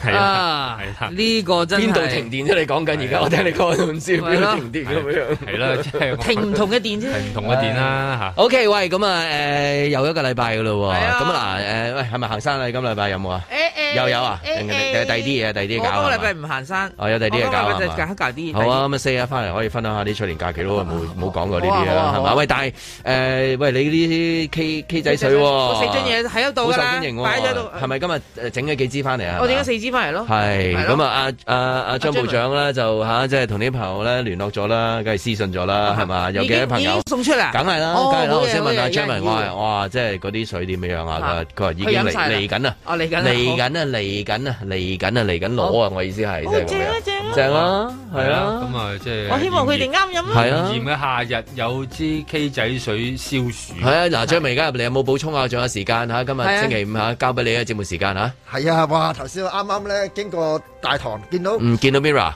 係 啊，呢、啊這個真邊度停電啫、啊？你講緊而家，我聽你講都唔知邊度停電咁、啊啊啊、樣。係啦、啊， 啊、的 停唔同嘅電啫，唔同嘅電啦吓。OK，喂，咁啊，誒，又一個禮拜噶咯。咁啊，嗱、呃，喂，係咪行山啊？你今禮拜有冇啊、欸？又有啊？第啲嘢，第啲。我個禮拜唔行山。哦、有第啲嘢。今啲。好啊，咁啊，四日翻嚟可以分享下啲出年假期咯，冇冇講過呢啲啊。係嘛？喂、啊啊啊，但係誒，喂、呃，你呢啲 K K 仔水，我四樽嘢喺嗰度噶啦，擺喺度。係咪今日整咗幾支翻嚟啊？四肢翻嚟咯，係咁、嗯嗯、啊！阿阿阿張部長咧、啊、就嚇、啊、即係同啲朋友咧聯絡咗啦，梗係私信咗啦，係、啊、嘛？有幾多朋友送出嚟梗係啦，梗係啦！我先問阿張明我話：哇，即係嗰啲水點樣啊？佢、啊、話：佢已經嚟嚟緊啊，嚟緊啊，嚟緊啊，嚟緊啊，嚟緊攞啊！了了哦」我意思係即係？正、哦、啊、哦、正啊，正啊，咁、嗯、啊，即係我希望佢哋啱飲。係啊，炎嘅夏日有支 K 仔水消暑。係、嗯、啊，嗱、嗯，張明而家入嚟有冇補充啊？仲有時間嚇？今日星期五嚇，交俾你啊，節目時間嚇。係啊！哇，頭先。啱啱咧經過大堂，見到唔見到 Mira？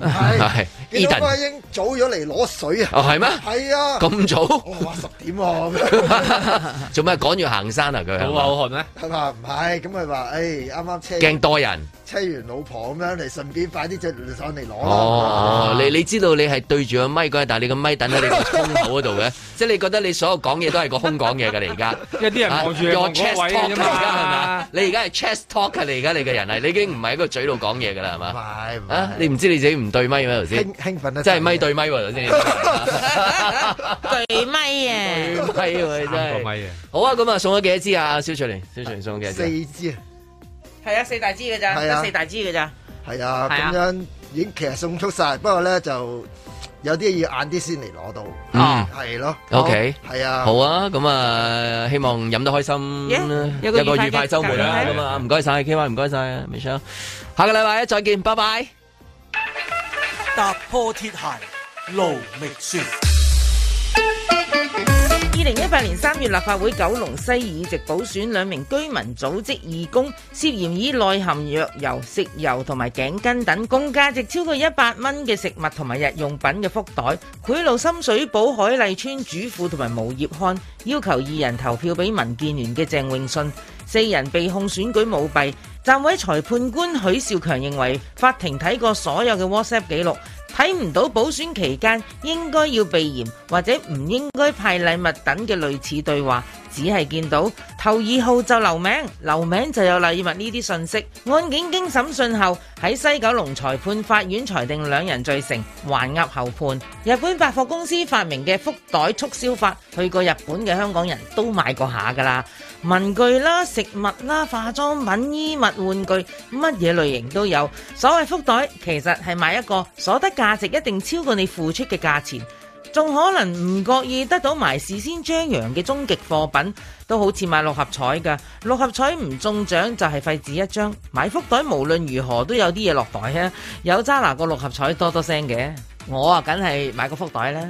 係見到阿英早咗嚟攞水啊！哦，係咩？係啊，咁早？哇，十點喎！做咩趕住行山啊？佢好口渴咩？佢話唔係，咁佢話誒，啱啱車，驚多人，車完老婆咁樣嚟，順便快啲就上嚟攞。哦，你你知道你係對住個咪嘅，但係你個咪等喺你個胸口嗰度嘅，即係你覺得你所有講嘢都係個空講嘢嘅嚟。而家有啲人望住你個位啊，而家係嘛？你而家係 chess talk 嚟，而家你嘅人係你。你已經唔係喺個嘴度講嘢噶啦，係嘛？係啊！你唔知你自己唔對咪喎頭先，興奮 咪啊, 啊，啊，啊，啊！真係咪對咪喎頭先，對咪？啊！對咪喎好啊！咁啊，送咗幾多支啊？小翠玲，小翠送幾多？四支啊！係啊，四大支噶咋？係啊，四大支噶咋？係啊，咁樣已經其實送出晒，不過咧就。有啲嘢要晏啲先嚟攞到，嗯，係咯，OK，係啊，好啊，咁啊，希望飲得開心，一個愉快周末啊，咁啊，唔該晒，Kym，唔該晒，Michelle，下個禮拜一再見，拜拜。踏破鐵鞋路未絕。二零一八年三月，立法會九龍西議席補選，兩名居民組織義工涉嫌以內含藥，藥油、食油同埋頸巾等，供價值超過一百蚊嘅食物同埋日用品嘅福袋，賄賂深水埗海麗邨主婦同埋無業漢，要求二人投票俾民建聯嘅鄭永信。四人被控選舉舞弊。暫委裁判官許少強認為，法庭睇過所有嘅 WhatsApp 記錄。睇唔到補選期間應該要避嫌或者唔應該派禮物等嘅類似對話。只係見到頭二號就留名，留名就有禮物呢啲信息。案件經審訊後，喺西九龍裁判法院裁定兩人罪成，還押候判。日本百貨公司發明嘅福袋促銷法，去過日本嘅香港人都買過下噶啦。文具啦、食物啦、化妝品、衣物、玩具，乜嘢類型都有。所謂福袋，其實係買一個所得價值一定超過你付出嘅價錢。仲可能唔覺意得到埋事先張揚嘅終極貨品，都好似買六合彩噶。六合彩唔中獎就係廢紙一張，買福袋無論如何都有啲嘢落袋啊！有揸拿過六合彩多多聲嘅，我啊梗係買個福袋啦。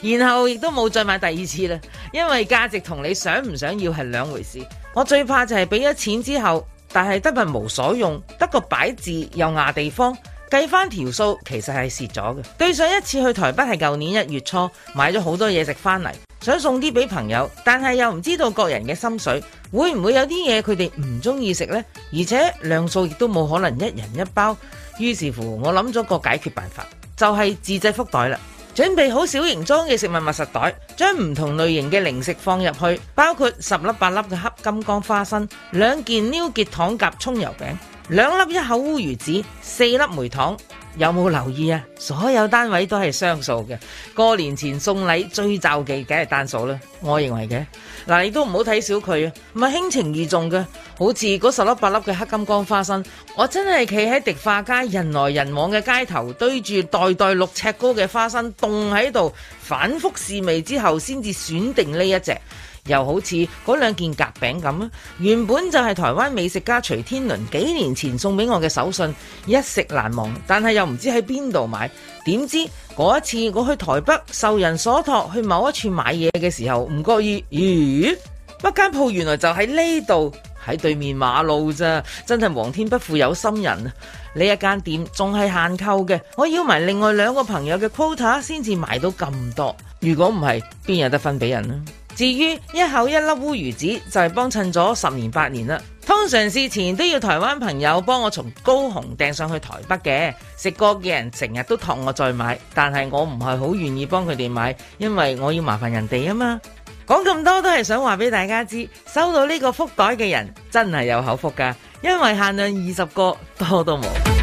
然後亦都冇再買第二次啦，因為價值同你想唔想要係兩回事。我最怕就係俾咗錢之後，但係得份無所用，得個擺字又牙地方。計翻條數其實係蝕咗嘅。對上一次去台北係舊年一月初，買咗好多嘢食翻嚟，想送啲俾朋友，但係又唔知道各人嘅心水，會唔會有啲嘢佢哋唔中意食呢？而且量數亦都冇可能一人一包，於是乎我諗咗個解決辦法，就係、是、自製福袋啦。準備好小型裝嘅食物密實袋，將唔同類型嘅零食放入去，包括十粒八粒嘅黑金剛花生，兩件溜結糖夾蔥油餅。兩粒一口烏魚子，四粒梅糖，有冇留意啊？所有單位都係雙數嘅，過年前送禮最就忌梗係單數啦。我認為嘅。嗱，你都唔好睇小佢啊，唔係輕情意重嘅，好似嗰十粒八粒嘅黑金剛花生，我真係企喺迪化街人來人往嘅街頭，對住袋袋六尺高嘅花生凍喺度，反覆試味之後，先至選定呢一隻。又好似嗰兩件夾餅咁啊，原本就係台灣美食家徐天倫幾年前送俾我嘅手信，一食難忘。但係又唔知喺邊度買，點知嗰一次我去台北受人所託去某一處買嘢嘅時候，唔覺意咦，乜間鋪原來就喺呢度，喺對面馬路咋，真係皇天不負有心人啊！呢一間店仲係限購嘅，我要埋另外兩個朋友嘅 quota 先至買到咁多。如果唔係，邊有得分俾人呢？至於一口一粒烏魚子就係幫襯咗十年八年啦。通常事前都要台灣朋友幫我從高雄訂上去台北嘅，食過嘅人成日都託我再買，但係我唔係好願意幫佢哋買，因為我要麻煩人哋啊嘛。講咁多都係想話俾大家知，收到呢個福袋嘅人真係有口福㗎，因為限量二十個，多都冇。